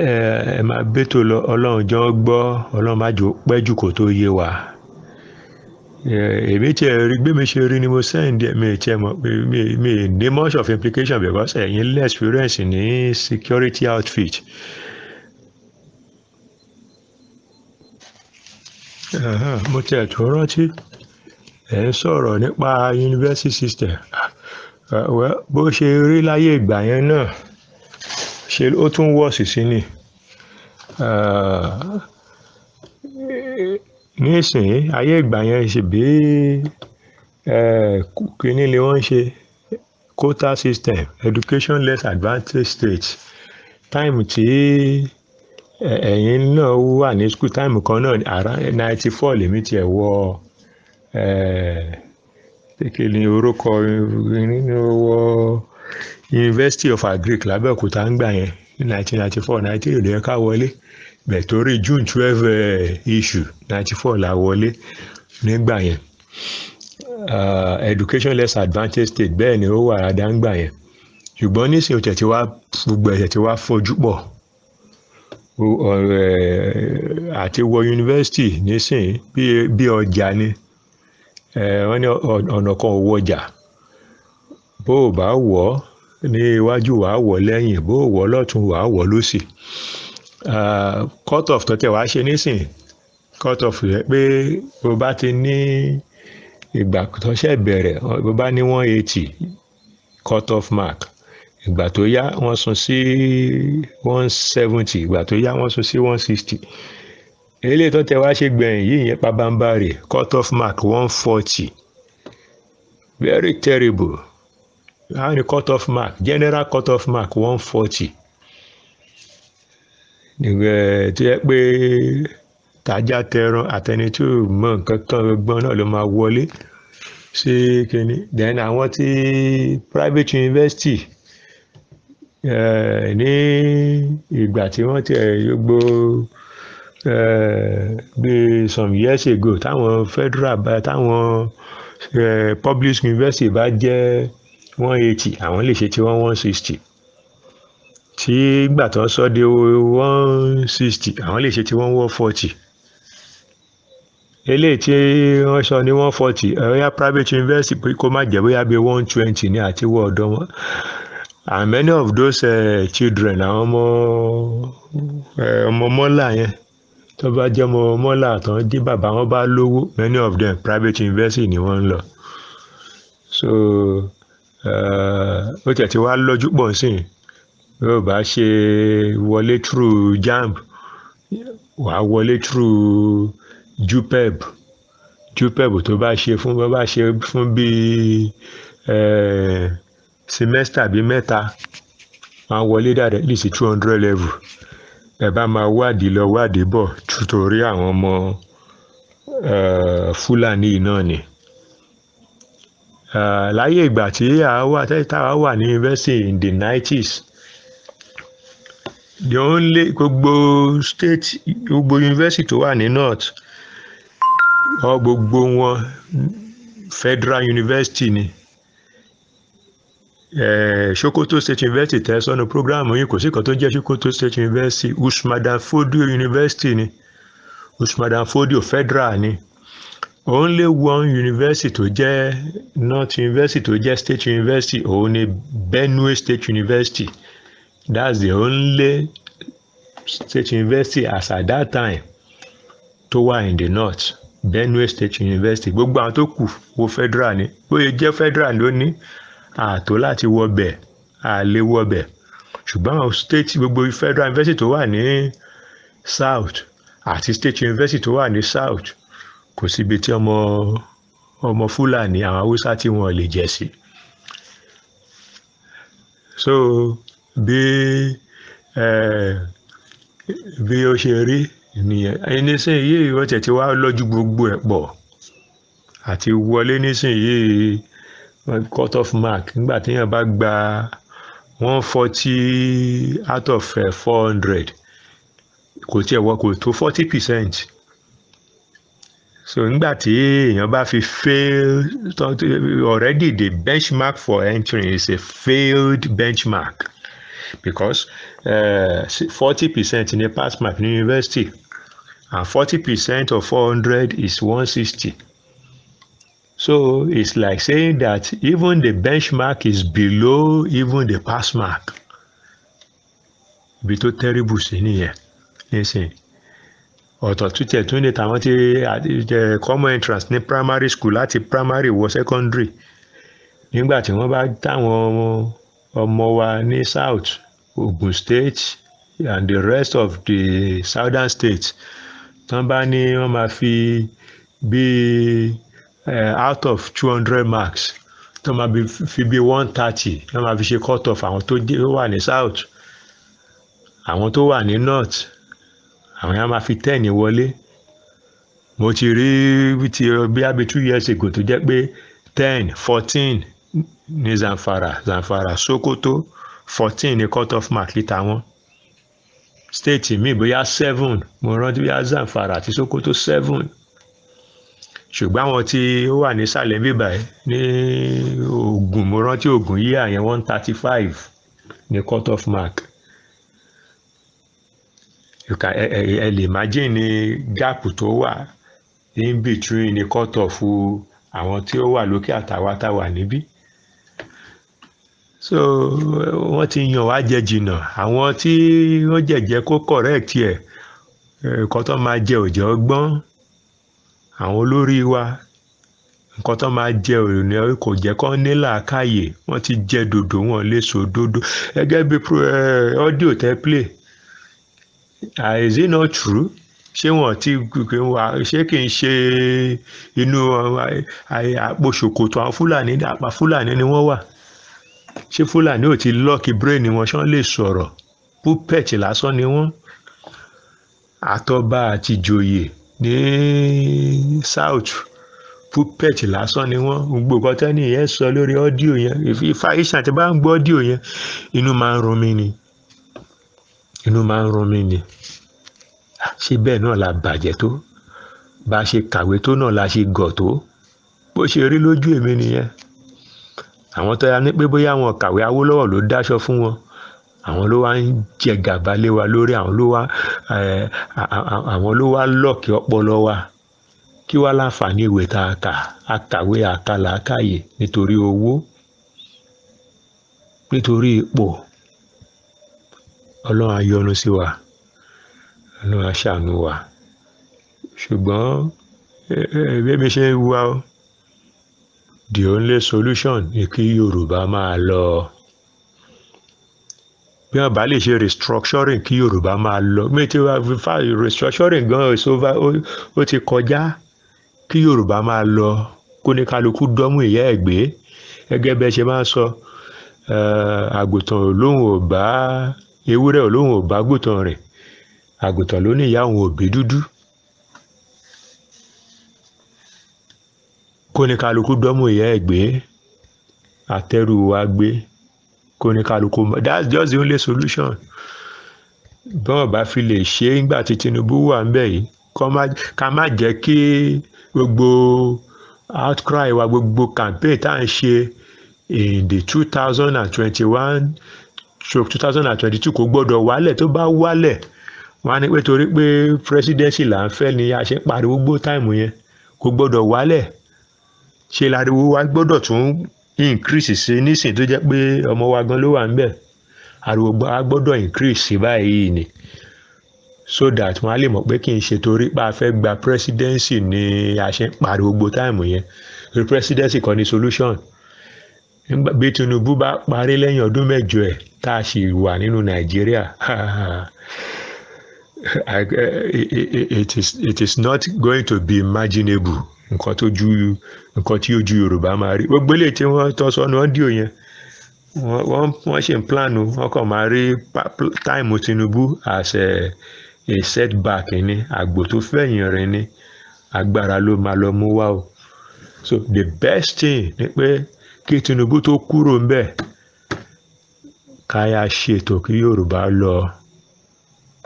ẹ máa bẹ́tò lọ ọlọ́run jọ gbọ́ ọlọ́run máa jò pẹ́jù kó tó yé wa èmi tiẹ̀ rí gbé ṣe rí ni mo send mi tiẹ̀ mọ̀ pé mi ní much of implication because ẹ̀yin lé experience ní security outfit. mo tiẹ̀ tó rántí ẹ̀ ń sọ̀rọ̀ nípa university system bó ṣe rí láyé ìgbà yẹn náà ṣe ó tún wọ̀sì sí ni nísìnyí ayé ìgbà yẹn ṣe bí kíní ni wọ́n ń ṣe quota system education less advantage state táìmù tí ẹ̀yin náà wà ní school táìmù kan náà ninety four lèmi tiẹ̀ wọ. Eh, kí ni orúkọ nínú University of Agric lábẹ́òkúta ń gbà yẹn ní 1994 nàìjíríà ló yẹ ká wọlé bẹ̀ torí June 12 eh, issue 94 la wọlé nígbà yẹn ah, education less advantage state bẹ́ẹ̀ ni ó wà rádá ń gbà yẹn ṣùgbọ́n nísìnyí o tẹ̀tí wá gbogbo ẹ̀tẹ̀ tí wá fojú pọ̀ eh, àti wọ yunifásitì nísìnyí bí ọjà ni wọ́n ní ọ̀nà kan ò wọjà bó o bá wọ̀ ọ́ ní iwájú wàá wọ̀ lẹ́yìn bó o wọ̀ lọ́tún wàá wọ̀ lọ́sì cut off tó tẹ̀ wá ṣe nísìn cut off rẹ̀ pé bó bá ti ní ìgbà tó ṣe bẹ̀rẹ̀ bó bá ní one eighty cut off mark ìgbà tó yá wọ́n sún sí one seventy ìgbà tó yá wọ́n sún sí one sixty ilé tó tẹ wá ṣe gbẹ̀yìn yìí yẹn pabambari cut off mark one forty very terrible how ni cut off mark general cut off mark one forty nígbà tó yẹ pé tàjà tẹran àtẹni tó mọ nǹkan kan gbọ́n náà ló máa wọlé sí kínní then àwọn tí private university eh, ní ìgbà tí wọ́n ti gbogbo bí eh, some years ago táwọn federal bá táwọn eh, public university bá jẹ́ one eighty àwọn lè ṣe ti one one sixty tí ìgbà tó sọ de one sixty àwọn lè ṣe ti one one forty eléyìí tí wọ́n sọ ní one forty ẹ̀yà private university kó má jẹ́ bóyá bíi one twenty ní àti wọ́ ọ̀dọ́ wọn and many of those uh, children àwọn ọmọ ọmọ mọ́là yẹn tó bá jẹ́ ọmọ mọ́là tán tí bàbá wọn bá lówó many of them private university ni wọ́n ń lọ so eh, ó tẹ̀ tí wá lọ́jú pọ̀ sí yóò bá ṣe wọlé through jamb wà á wọlé through jupeb jupeb tó bá ṣe fún bá ṣe fún bíi eh, semester bíi mẹ́ta wọ́n á wọlé dáadáa at least two hundred level ẹ bá máa wádìí lọ wádìí bọ̀ torí àwọn ọmọ fúlàní yìí náà ni láyé ìgbà tí táwa wà ní yunifásitì in the nineties. the only gbogbo state gbogbo yunifásitì tó wà ní north ọ gbogbo wọn federal university ni. Eh, Sokoto State University tẹ́ sọ́nu prógráàmù yìí kò sí kan tó jẹ́ Sokoto State University Usman Dan Fodio University ni Usman Dan Fodio Federal ni only one university tó jẹ́ North University tó jẹ́ State University òun ni Benue State University that's the only State University as at that time tó wà in the North Benue State University gbogbo àwọn tó kù wo federal ni bóyá jẹ́ federal lónìí ààtò láti wọbẹ̀ a lè wọbẹ̀ ṣùgbọ́n àwọn state gbogbo federal university tó wà ní south àti state university tó wà ní south kò síbi tí ọmọ ọmọ fúlàní àwọn haúsá tí wọn lè jẹ sí so bí bí ó ṣe rí nìyẹn ẹnisìn yìí wọ́n tẹ̀ ti wá lọ́jú gbogbo ẹ̀ pọ̀ àti wọlé nísìn cut off mark nígbà téèyàn bá gba one forty out of eh, four hundred kò tiẹ̀ wọ kò tó forty percent so nígbà tí èèyàn bá fi fail already the benchmark for entering is a failed benchmark because eh, forty uh, percent ní pass mark ní university and forty percent of four hundred is one sixty. So it's like saying that even the benchmark is below even the pass mark. Ibi tó terrible sí nìyẹn nísìn. Ọ̀tọ̀ tún tiẹ̀ tún the tàwọn ti common entrance ní primary school láti primary wọ secondary. Nígbà tí wọ́n bá táwọn ọmọ wa ní South Ogun State and the rest of the Southern states tán bá ní wọ́n máa fi uh, out of two hundred marks tó máa fi bí one thirty tó máa fi ṣe cut off àwọn tó wà ní south àwọn tó wà ní north àwọn yẹn máa fi ten wọlé mo ti rí ti bí abi two years ago tó jẹ́ pé ten fourteen ní Zamfara Zamfara Sokoto fourteen ní cut off mark lítà wọn state mi bóyá seven mo rántí bóyá Zamfara àti Sokoto seven ṣùgbọ́n àwọn tí ó wà nísàlẹ̀ bíbà ní oògùn mo rántí oògùn yíyà yẹn one thirty five ní cut off mark ẹ lè imagine ní gap tó wà in between ní cut off àwọn tí ó wà lókè àtàwọn àtàwà níbí so wọ́n ti yan wá jẹ jìnnà àwọn tí wọ́n jẹ̀jẹ́ kó correct ẹ̀ ẹ̀kọ́ máa jẹ òjò ọgbọ́n àwọn olórí wa nǹkan tó máa jẹ òní kò jẹ́ kó ní làákàyè wọ́n ti jẹ dòdò wọn lè so dòdò gẹ́gẹ́ bí ọ́díò tẹ́ play ah, is it not true ṣé wọn ti ṣé kì í ṣe inú ah, eh, àpò ṣòkòtò àwọn fúlàní àpá fúlàní ni wọ́n wà ṣé fúlàní ò ti lọ́ọ̀kì bírèèni wọn ṣán lè sọ̀rọ̀ púpẹ̀tì lásán ni wọ́n àtọba àti joyè ní south pulpit lásán ni wọ́n gbogbo nǹkan tẹ́ni yẹn sọ lórí ọ́díò yẹn ìfà ìṣàn tí bá ń gbọ́ ọ́díò yẹn inú máa ń run mí ni inú máa ń run mí ni ṣé bẹ́ẹ̀ náà la bàjẹ́ tó bá a ṣe kàwé tó náà la ṣe gọ̀ tó bó ṣe rí lójú èmi nìyẹn àwọn tó yà ní pé bóyá wọn kàwé Awólọ́wọ̀ ló dáṣọ fún wọn àwọn ló wá ń jẹ gàba lé wa lórí àwọn ló wá àwọn ló wá lọ́ọ̀kì ọpọlọ wa kí wá láǹfààní ìwé tá a kà a kàwé àkàlà àkàyè nítorí owó nítorí ipò ọlọ́run á sí wa ọlọ́run á wa ṣùgbọ́n bébí ṣe ń wá the only solution ni kí yorùbá máa lọ bí wọ́n bá lè ṣe restructuring kí Yorùbá máa lọ mi ti fa restructuring gan ó ti kọjá kí Yorùbá máa lọ kó ní kálukú dọ́mú ìyá ẹ̀ gbé gẹ́gẹ́ bẹ́ẹ̀ ṣe máa ń sọ eh, àgùntàn lóhùn ò bá ewúrẹ́ lóhùn ò bá gùntàn rẹ̀ àgùntàn ló ní ìyá òun òbí dúdú kó ní kálukú dọ́mú ìyá ẹ̀ gbé àtẹrù wa gbé kó ní kálukú mọ̀ that's just the only solution bọ́ọ̀ bá fi lè ṣe é nígbà tí Tinubu wà ń bẹ̀ yìí ká má jẹ́ kí gbogbo outcry wa gbogbo campaign tá à ń ṣe in the two thousand and twenty-one stroke two thousand and twenty-two kò gbọ́dọ̀ wálẹ̀ tó bá wálẹ̀ wọ́n á ní pé torí pé presidency là ń fẹ́ ni a ṣe ń pariwo gbó táìmù yẹn kò gbọ́dọ̀ wálẹ̀ ṣe lariwo wa gbọ́dọ̀ tún increase ṣe nísìn tó jẹ́ pé ọmọ wa gan ló wà ń bẹ̀ ariwo a gbọ́dọ̀ increase báyìí ni so that wọ́n á lè mọ̀ pé kì í ṣe torí pé a fẹ́ gba presidency ni a ṣe ń pariwo gbogbo táìmù yẹn torí presidency kọ́ ni solution bí Tinubu bá parí lẹ́yìn ọdún mẹ́jọ ẹ̀ tá a sì wà nínú Nàìjíríà it is it is not going to be imaginable nǹkan tó ju nǹkan tí ojú Yorùbá máa rí gbogbo eléyìí tí wọ́n tọ́ sọ́nù ọ́díò yẹn wọ́n wọ́n ṣe ń plánù wọ́n kàn máa rí táìmù Tinubu as a, a setback ni àgbò tó fẹ̀yìn rẹ̀ ni agbára ló máa lọ mú wá o so the best thing ni pé kí Tinubu tó kúrò ń bẹ̀ ká yá ṣètò kí Yorùbá lọ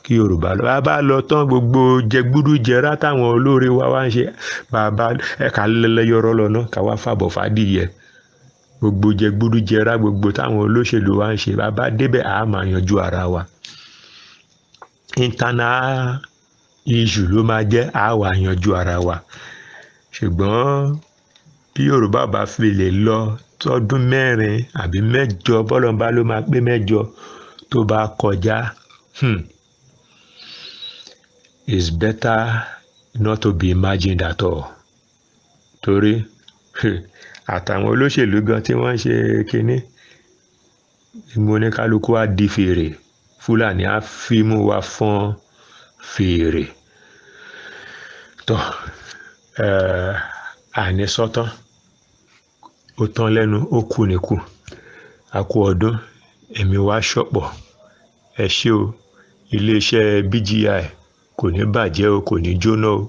kí yorùbá lọ bàbá lọ tán gbogbo jẹgbúdú jẹrá táwọn olóore wa wá ń ṣe bàbá ẹ̀ka lẹlẹyọrọ lọ́nà káwá fàbọ̀ fàdìyẹ gbogbo jẹgbúdú jẹrá gbogbo táwọn olóṣèlú wa ń ṣe bàbá débẹ̀ àá máa yanjú ara wa internal issue ló máa jẹ́ àwa yanjú ara wa ṣùgbọ́n bí yorùbá bá fi lè lọ tọdún mẹ́rin àbí mẹ́jọ bọ́lọ́mbà ló máa pé mẹ́jọ tó bá kọjá. Hmm, Is better not to be imagined at all. Torí àtàwọn olóṣèlú gan tí wọ́n ń ṣe kinní mo ní kálukú á di fèrè Fúlàní á fímú wa fọ́n fèrè. Tọ́ eh, àní sọ́tán ó tán lẹ́nu ó kù níkù a kú ọdún ẹ̀mí wa ṣọ̀pọ̀ ẹ ṣé o iléeṣẹ́ BGI kò ní bàjẹ́ o kò ní jóná o.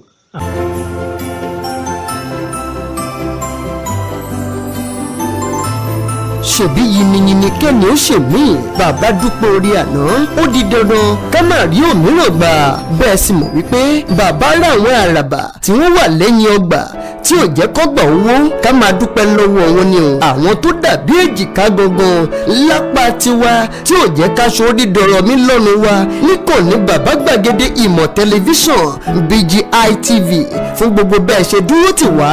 ṣèbí yiniyini kẹ́ni ó ṣèmí bàbá dúpẹ́ orí àná ó di dandan ká má rí òmíràn gbà bẹ́ẹ̀ sì mọ̀ wípé bàbá ra àwọn àràbà tí wọ́n wà lẹ́yìn ọgbà tí ò jẹ́ kọ́gbà owó ká máa dúpẹ́ lọ́wọ́ wọn ni o àwọn tó dàbí èjìká gangan lápá tiwa tí ò jẹ́ ká ṣòro dídọ̀rọ̀ mi lọ́nu wa níkànnì bàbá gbàgede ìmọ̀ tẹlifíṣàn BGI TV fún gbogbo bẹ́ẹ̀ ṣe dúró tì wá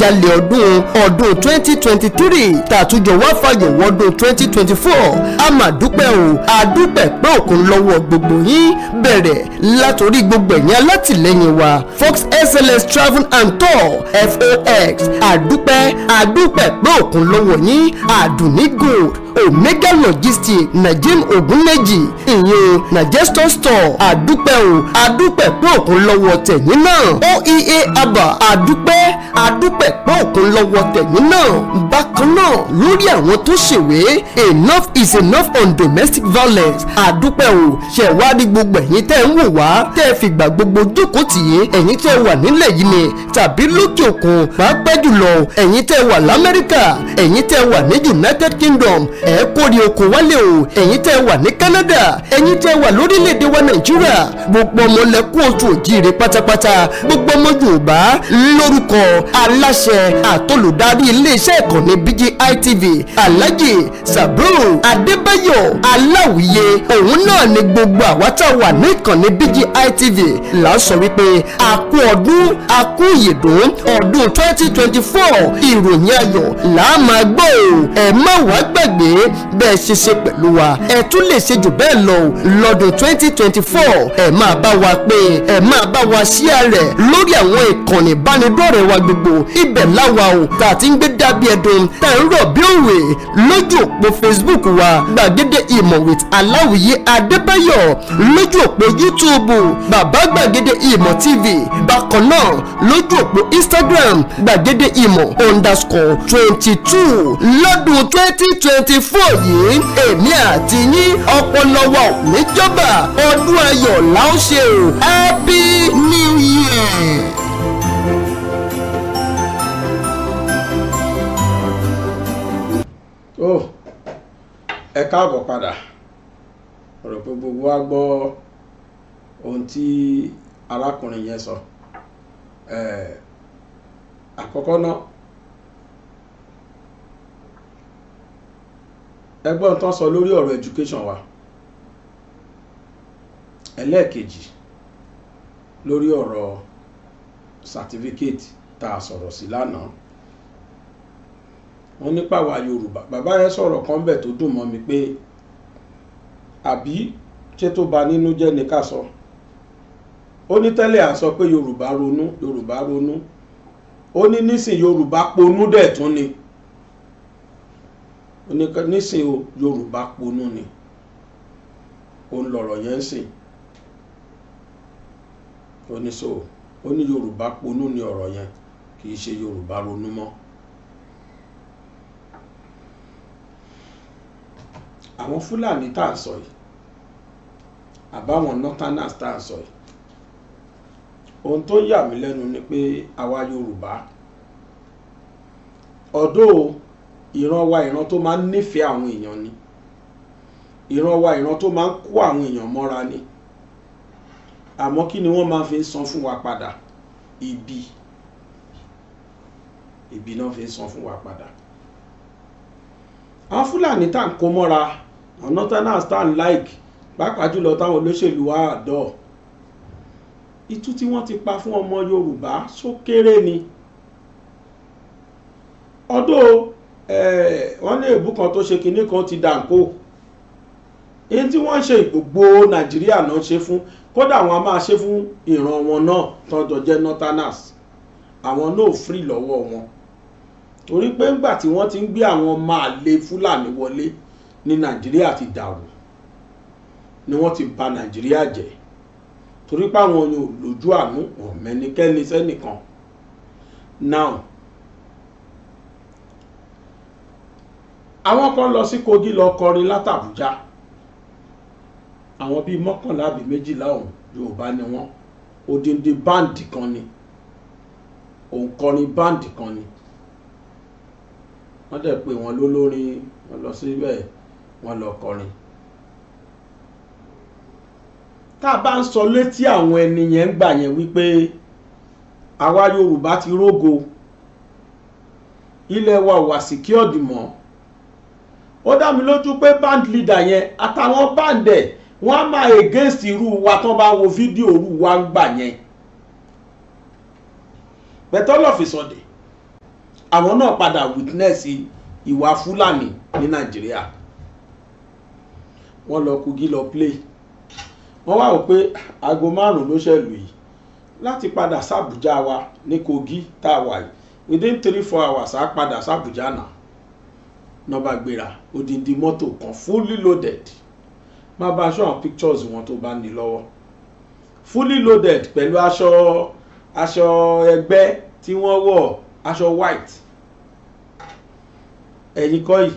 jalè ọdún ọdún twenty twenty three tàtújọ wá fàyọ̀ wọ́dún twenty twenty four a máa dúpẹ́ o a dúpẹ́ pé òkun lọ́wọ́ gbogbo yín bẹ̀rẹ̀ látòrí gbogbo ẹ̀yin alátìlẹ́yìn wa Fox SLS Travel and Tour fox àdúpẹ́ àdúpẹ́ pé òkun lọ́wọ́ yín àdùnní gold omega logistics najim Ogunleji. ìyẹn najestor store àdúpẹ́ o àdúpẹ́ pé òkun lọ́wọ́ tẹ̀yìn náà oea aba àdúpẹ́ àdúpẹ́ pé òkun lọ́wọ́ tẹ̀yìn náà bákan náà lórí àwọn tó ṣèwé enough is enough on domestic violence àdúpẹ́ o ṣẹ̀wádìí gbogbo ẹ̀yin tẹ́ ń wò wá tẹ́ ẹ fìgbà gbogbo jókòó tì í ẹ̀yin tẹ́ wà nílẹ̀ yìí ni tàbí lókè òkun pàápàá jùlọ ẹ̀yin tẹ́ wà lamẹ́ríkà ẹ̀yin tẹ́ wà ní United Kingdom ẹ kórè oko wálé o ẹ̀yin tẹ́ wà ní Canada ẹ̀yin tẹ́ wà lórílẹ̀‐èdè wa Nàìjíríà gbogbo ọmọ lẹ́kú oṣù òjìire pátápátá gbogbo ọmọ Yorùbá lórúkọ aláṣẹ àtolùdarí iléeṣẹ́ ìkànnì BGI TV Alhaji Sabrou Adébáyọ̀ Aláwìyé òun náà ni gbogbo àwa tá a wà ní ìkànnì BGI ITV là ń sọ wípé a kú ọdún a kú ìyèdún ọdún twenty twenty four ìròyìn ayọ̀ là máa gbọ́ ẹ má wá gbàgbé rèé bẹ́ẹ̀ ṣe ṣe pẹ̀lú wa ẹ tún lè ṣe jù bẹ́ẹ̀ lọ o lọ́dún twenty twenty four ẹ máa bá wa pé ẹ máa bá wa ṣíà rẹ̀ lórí àwọn ìkànnì ìbánidọ́rẹ̀ẹ́ wa gbogbo ibẹ̀ láwa o tá a ti ń gbé dábìí ẹ̀dùn tá a ń rọ̀ bí òwe lójú òpó Facebook wa gbàgede ìmọ̀ with aláwìyé adébáyọ̀ lójú òpó YouTube bàbá gbàgede ìmọ̀ TV bákan náà lójú òpó Instagram gbàgede ìmọ̀ underscore twenty two lọ́dún twenty twenty fòyí èmi àti yín ọpọlọ wa ò ní jọba ọdún ayọ̀ la ó ṣe o happy new year. ó ẹ káàbọ̀ padà ọ̀rọ̀ pé gbogbo wa gbọ́ ohun tí arákùnrin yẹn sọ àkọ́kọ́ náà ẹgbọ́n tán sọ lórí ọ̀rọ̀ education wa ẹlẹ́ẹ̀kejì lórí ọ̀rọ̀ certificate tá a sọ̀rọ̀ sí lánàá wọ́n nípa wa Yorùbá bàbá yẹn sọ̀rọ̀ kan bẹ̀ tó dùn mọ́ mi pé àbí ṣé tó ba nínú jẹ́ ni ká sọ ó ní tẹ́lẹ̀ à sọ pé Yorùbá ronú Yorùbá ronú ó ní nísìn Yorùbá ponú dẹ̀ tún ni. Yorùbá nísìn o yorùbá ponú ni ó ń lọ̀rọ̀ yẹn ń sìn ó ní so ó ní yorùbá ponú ni ọ̀rọ̀ yẹn kì í ṣe yorùbá ronú mọ́ àwọn fúlàní tá à ń sọ yìí àbáwọn northerners tá à ń sọ yìí ohun tó yà mí lẹ́nu ni pé àwa yorùbá ọ̀dọ́ o ìran wa ìran tó máa ń nífẹ̀ẹ́ àwọn èèyàn ni ìran wa ìran tó máa ń kó àwọn èèyàn mọ́ra ni àmọ́ kí ni wọ́n máa fi ń san fún wa padà ibi ibi náà fi ń san fún wa padà àwọn fúlàní tá à ń kó mọ́ra àwọn northerners tá à ń like pàápàá jùlọ táwọn olóṣèlú wa àdọ́ ìtú tí wọ́n ti pa fún ọmọ yorùbá sókéré ni ọdún Eh, wọ́n ní èébú kan tó ṣe kinní kan ti dànkó èyí tí wọ́n ń ṣe gbogbo nàìjíríà náà ṣe fún kódà àwọn a máa ṣe fún ìran wọn náà tọ́jọ́ jẹ́ northerners àwọn náà free lọ́wọ́ wọn torí pé ńgbà tí wọ́n ti ń gbé àwọn máa lé fúlàní wọlé ní nàìjíríà ti dàrú ni wọ́n ti bà nàìjíríà jẹ́ torí pé àwọn yóò lójú àánú ọ̀mẹ́nikẹ́ni sẹ́nìkan now àwọn kan lọ sí Kogi lọ kọrin látàbújá àwọn bíi mọ́kànlá àbí méjìlá ọ̀hún Yorùbá ni wọ́n odindi báǹdì kan ni òun kọrin báǹdì kan ni wọ́n dẹ̀ pé wọ́n lólórin wọ́n lọ síbẹ̀ wọ́n lọ kọrin tá a bá ń sọ létí àwọn ẹni yẹn ń gbà yẹn wípé àwa Yorùbá ti rógo ilẹ̀ wa ò wà síkíọ̀dì mọ́ ó dá mi lójú pé band leader yẹn àtàwọn band ẹ̀ wọ́n á máa against irú wa tán bá wo fídíò irú wa ń gbà yẹn bẹ́tọ́lọ́fì Sunday àwọn náà padà witness ìwà Fúlàní ní Nàìjíríà wọ́n lọ Kogi lọ play wọ́n wá wò pé aago márùn-ún ló ṣẹ̀lù yìí láti padà sàbújá wa ní Kogi tá a wà yìí within three four hours á padà sàbújá náà nọ́bà gbéra odindi mọ́tò kan fully loaded má bá aṣọ àwọn pictures wọn tó bá ní lọ́wọ́ fully loaded pẹ̀lú aṣọ aṣọ ẹgbẹ́ tí wọ́n wọ̀ aṣọ white ẹ̀yìn kọ́ yìí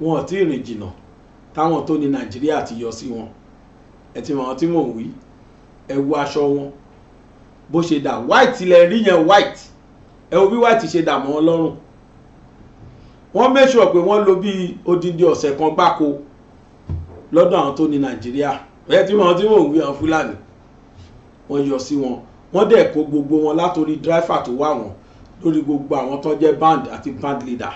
wọn ò tí ì rìn jìnnà táwọn tó ní nàìjíríà ti yọ sí wọn ẹ ti mọ àwọn tí mò ń wí ẹ wo aṣọ wọn bó ṣe dà white ilẹ̀ rí yẹn white ẹ wo bí white ṣe dà mọ́ wọn lọ́rùn wọ́n make sure pé wọ́n lò bí odidi ọ̀sẹ̀ kan gbáko lọ́dọ̀ àwọn tó ní nàìjíríà ẹ ti mọ àwọn tí wọ́n ń gbé àwọn fúlàní wọ́n yọ sí wọn wọ́n dẹ̀ kó gbogbo wọn látòrí dráìfà tó wà wọ́n lórí gbogbo àwọn tó jẹ́ band àti band leader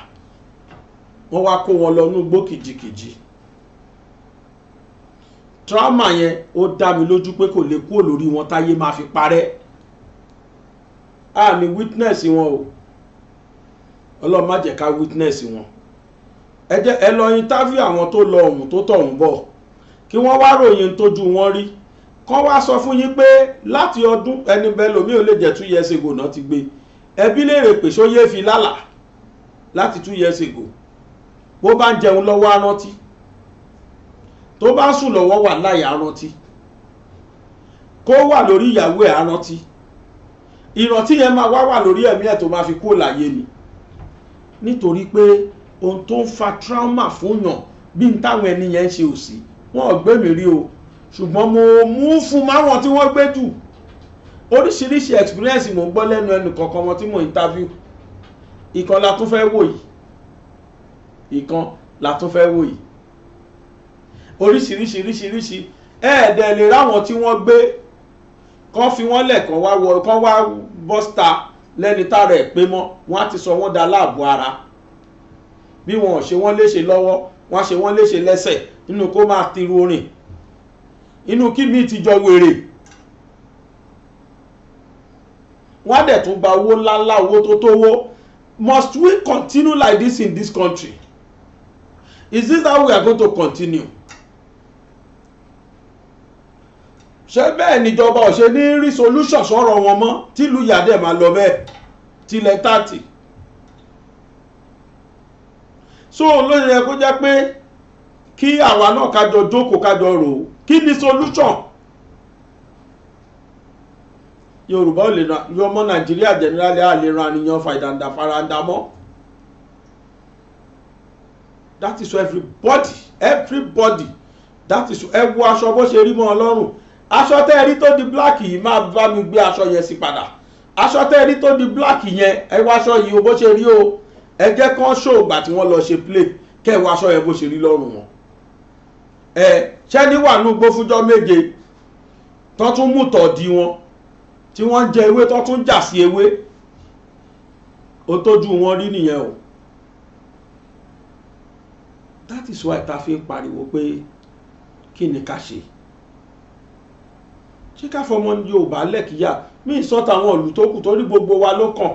wọ́n wá kó wọn lọ núgbó kìjikìji trauma yẹn ó dá mi lójú pé kò lè kúrò lórí wọn táyé máa fi parẹ́ àmì witness wọn o ọlọ́run má jẹ́ ká witness wọn ẹ jẹ́ ẹ lọ interview àwọn tó lọ ọ̀hún tó tọ̀hún bọ̀ kí wọ́n wá ròyìn tójú wọn rí kán wá sọ fún yín pé láti ọdún ẹni bẹ́ẹ̀ lómi ò lè jẹ́ two years ago náà ti gbé ẹbí léèrè pé sóyè fi lálà láti two years ago bó bá ń jẹun lọ́wọ́ á rántí tó bá ń sùn lọ́wọ́ wà láyà á rántí kó wà lórí ìyàwó ẹ̀ á rántí ìrántí yẹn máa wá wà lórí ẹ̀mí ẹ̀ tó máa fi kú láyé ni nítorí pé ohun tó ń fa trauma fún yàn bí n táwọn ẹni yẹn ṣe ò sí wọn ò rí o ṣùgbọ́n mo mú fún márùn tí wọ́n gbé jù oríṣiríṣi experience mo ń gbọ́ lẹ́nu ẹnu kọ̀ọ̀kan wọn tí mo interview ìkan la tún fẹ́ wò yìí ìkan la tún fẹ́ wò yìí oríṣiríṣiríṣiríṣi ẹ̀ẹ́dẹ̀ lè ráwọn tí wọ́n gbé kán fi wọ́n lẹ̀ kán wá bọ́sta lẹ́ni tára ẹ̀ mọ́ wọ́n ti sọ wọ́n da láàbò ara bí wọn ṣe wọ́n léṣe lọ́wọ́ wọ́n ṣe wọ́n léṣe lẹ́sẹ̀ nínú kó máa tiru orin inú kí mi ti jọ wèrè wọ́n dẹ̀ tún gba owó ńláńlá owó tó tówó must we continue like this in this country is this how we are going to continue? ṣé bẹ́ẹ̀ níjọba ò ṣe ní rí solution sọ̀rọ̀ wọn mọ́ tílu yàdẹ̀ máa lọ bẹ́ẹ̀ tilẹ̀ tààtì so ló yẹ kó jẹ́ pé kí àwa náà kájọ jókòó kájọ rò ó kí ni solution yorùbá ò lè ra ọmọ nàìjíríà generally à lè ran àníyàn fàìdàǹdà faranda mọ́ that is for everybody everybody that is ẹ wo aṣọ bó ṣe rí mọ́ ọlọ́run aṣọ tẹ́ ẹ tó di black yìí máa bá mi gbé aṣọ yẹn sí padà aṣọ tẹ́ ẹ tó di black yẹn ẹ wá aṣọ yìí o bó ṣe rí o ẹ jẹ́ kán ṣó tí wọ́n lọ ṣe play kẹ́ wá aṣọ yẹn bó ṣe rí lọ́rùn wọn. ẹ ṣẹ́ni wà ní ugbó fúnjọ́ méje tán tún mú tọ̀ di wọn tí wọ́n jẹ ewé tán tún jà sí ewé ó tójú wọn rí nìyẹn o that is why ta fi ń pariwo pé kí ni ká ṣe ṣé ká fọmọ Yorùbá lẹ́kìyà mí sọ táwọn ìlú tó kù torí gbogbo wa ló kàn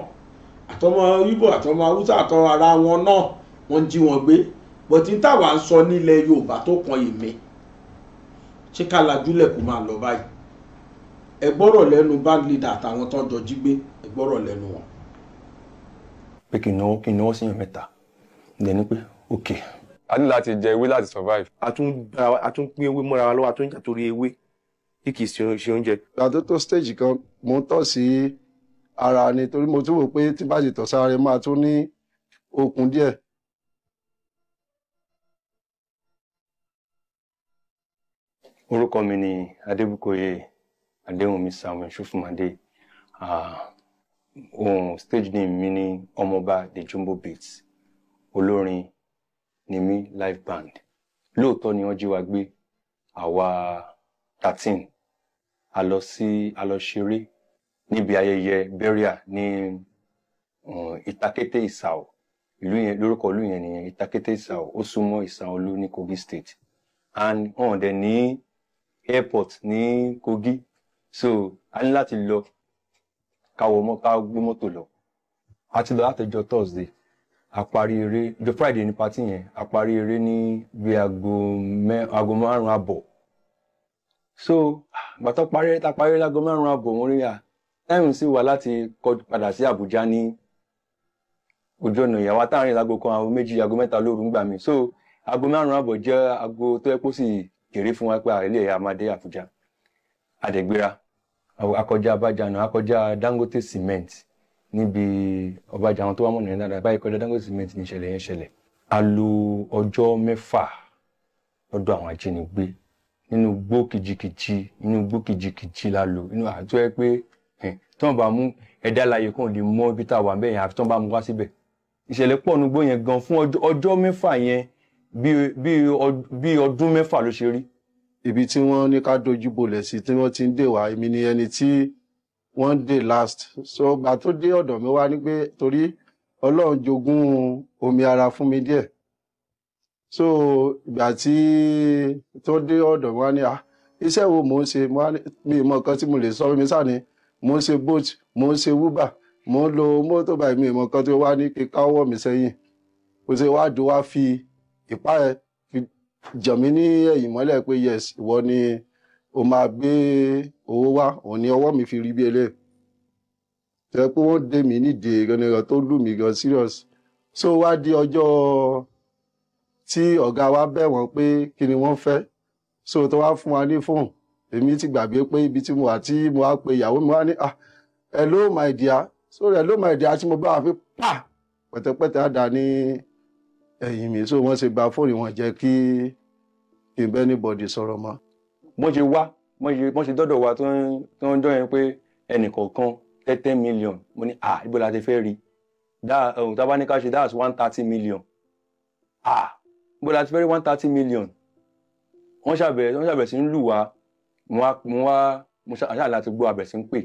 àtọmọ Ìgbò àtọmọ Haúsá àtọ ara wọn náà wọ́n jí wọn gbé bọ̀tí táwa ń sọ nílẹ̀ Yorùbá tó kan èmi ṣé ká lajúlẹ̀ kó máa lọ báyìí ẹ gbọ́rọ̀ lẹ́nu band leader àtàwọn tó ń jọ jí gbé ẹ gbọ́rọ̀ lẹ́nu wọn. pé kí náwó kí n náwó síyàn mẹ́ta ǹdẹ̀ ni pé ok. a ní láti jẹ ewé láti survive. a tún pín ewé mọ́ra wa lọ́wọ́ a tún jà torí ewé tí kì í ṣe oúnjẹ. ìgbà tó tó stage kan mo ń tọ̀ sí ara ni torí mo tún wò pé tí bá ti tọ̀ sára rẹ máa tún ní okun díẹ̀. orúkọ mi ni adébùkọyé adéhùnmi samuel ṣùfùmàdé ohun stage name mi ni ọmọọba the jumbo beats olórin ni mí live band lóòótọ́ ni wọ́n jí wa gbé àwa thirteen a lọ sí a lọ ṣeré níbi ayẹyẹ burial ní Ìtakété uh, Ìsàó ìlú yẹn lórúkọ ìlú yẹn nìyẹn Ìtakété Ìsàó ó súnmọ́ Ìsàolú ní Kogi state and wọn dẹ̀ ní airport ní Kogi so a ní láti lọ káwọ mọ ká gbé mọ́tò lọ a ti lọ látọjọ́ Thursday a parí eré ọjọ́ Friday ní patí yẹn a parí eré ní bí aago márùn-ún àbọ̀ so ìgbà tó parí ta parí lágo márùn-ún àbọ̀ mo rí à táìmù sì wà láti kọjú padà sí Àbújá ní ojú ọ̀nà ìyàwó táàrin lágo kan aago méjì aago mẹ́ta lóru ń gbà mí so aago márùn-ún àbọ̀ jẹ́ aago tó yẹ kó sì kéré fún wa pé àrílẹ̀ ẹ̀yà máa dé Àbújá àdẹ̀gbéra akọjá abájánu akọjá Dangote cement níbi ọbàjà àwọn tó wà mọ̀nà dáadáa báyìí kọjá Dangote cement ní ìṣẹ̀lẹ̀ yẹn ṣẹlẹ̀ a lò ọjọ́ mẹ́fà lọ́dọ̀ àwọn ajínigbé nínú gbó kìjìkìjì inú gbó kìjìkìjì la lò inú àti ẹ pé tí wọ́n bá mú ẹ̀dá láàyè kan lè mọ ibi tá a wà bẹ́ẹ̀ yẹn àfi tí wọ́n bá mú wá síbẹ̀ ìṣẹ̀lẹ̀ pọ̀ nu gbó yẹn gan fún ọjọ́ mẹ́fà yẹn bí ọdún mẹ́fà ló ṣe rí. ibi tí wọ́n ní ká dojú bolẹ̀ sí tí wọ́n ti ń dè wá èmi ni ẹni tí wọ́n dè last so gbà tó dé ọ̀dọ̀ mi wá ní pé torí Ọlọ́run jogún omi ara fún mi díẹ̀ so ìgbà tí tó dé ọ̀dọ̀ wa ni ah iṣẹ́ wo mò ń ṣe mi mọ nǹkan tí mo lè sọ mi sáà ni mò ń ṣe bolt mò ń ṣe uber mò ń lo mọ́tò báyìí mi mọ nǹkan tí wá ní kíkà ọwọ́ mi sẹ́yìn kò sí wá dùn wá fi ìpá ẹ fi jàn mí ní ẹ̀yìn mọ́lẹ̀ pé yes ìwọ ni o máa gbé owó wá òun ni ọwọ́ mi fi rí bí eléyìí tẹ pé wọ́n dé mi nídìí gangan tó lù mí gan serious so wá di ọjọ́ tí ọ̀gá wa bẹ̀ wọ́n pé kí ni wọ́n fẹ́ so tó wá fún wa ní fóònù èmi ti gbàgbé pé ibi tí mo wà tí mo wá pe ìyàwó mi wá ní ah hello my dear so hello my dear tí mo bá wà fi pa pẹ̀tẹ̀pẹ̀tẹ̀ àdá ní ẹ̀yìn mi so wọ́n ṣe gba fóònù wọn jẹ́ kí kí n bẹ́ anybody sọ̀rọ̀ mọ́. wọ́n ṣe wá wọ́n ṣe dọ́dọ̀ wa tó ń dọ́ yẹn pé ẹnìkọ̀ọ̀kan thirty million mo ní ah ibo la ti fẹ́ rí tá a bá ní ká ṣe that's one thirty million ah bó la ti fẹ́ rí one thirty million wọ́n ṣàbẹ̀rẹ̀ wọ́n ṣàbẹ̀rẹ̀ sí ń lù wá mo wá mo wá mo ṣàṣà láti gbọ́ àbẹ̀rẹ̀ sí ń pè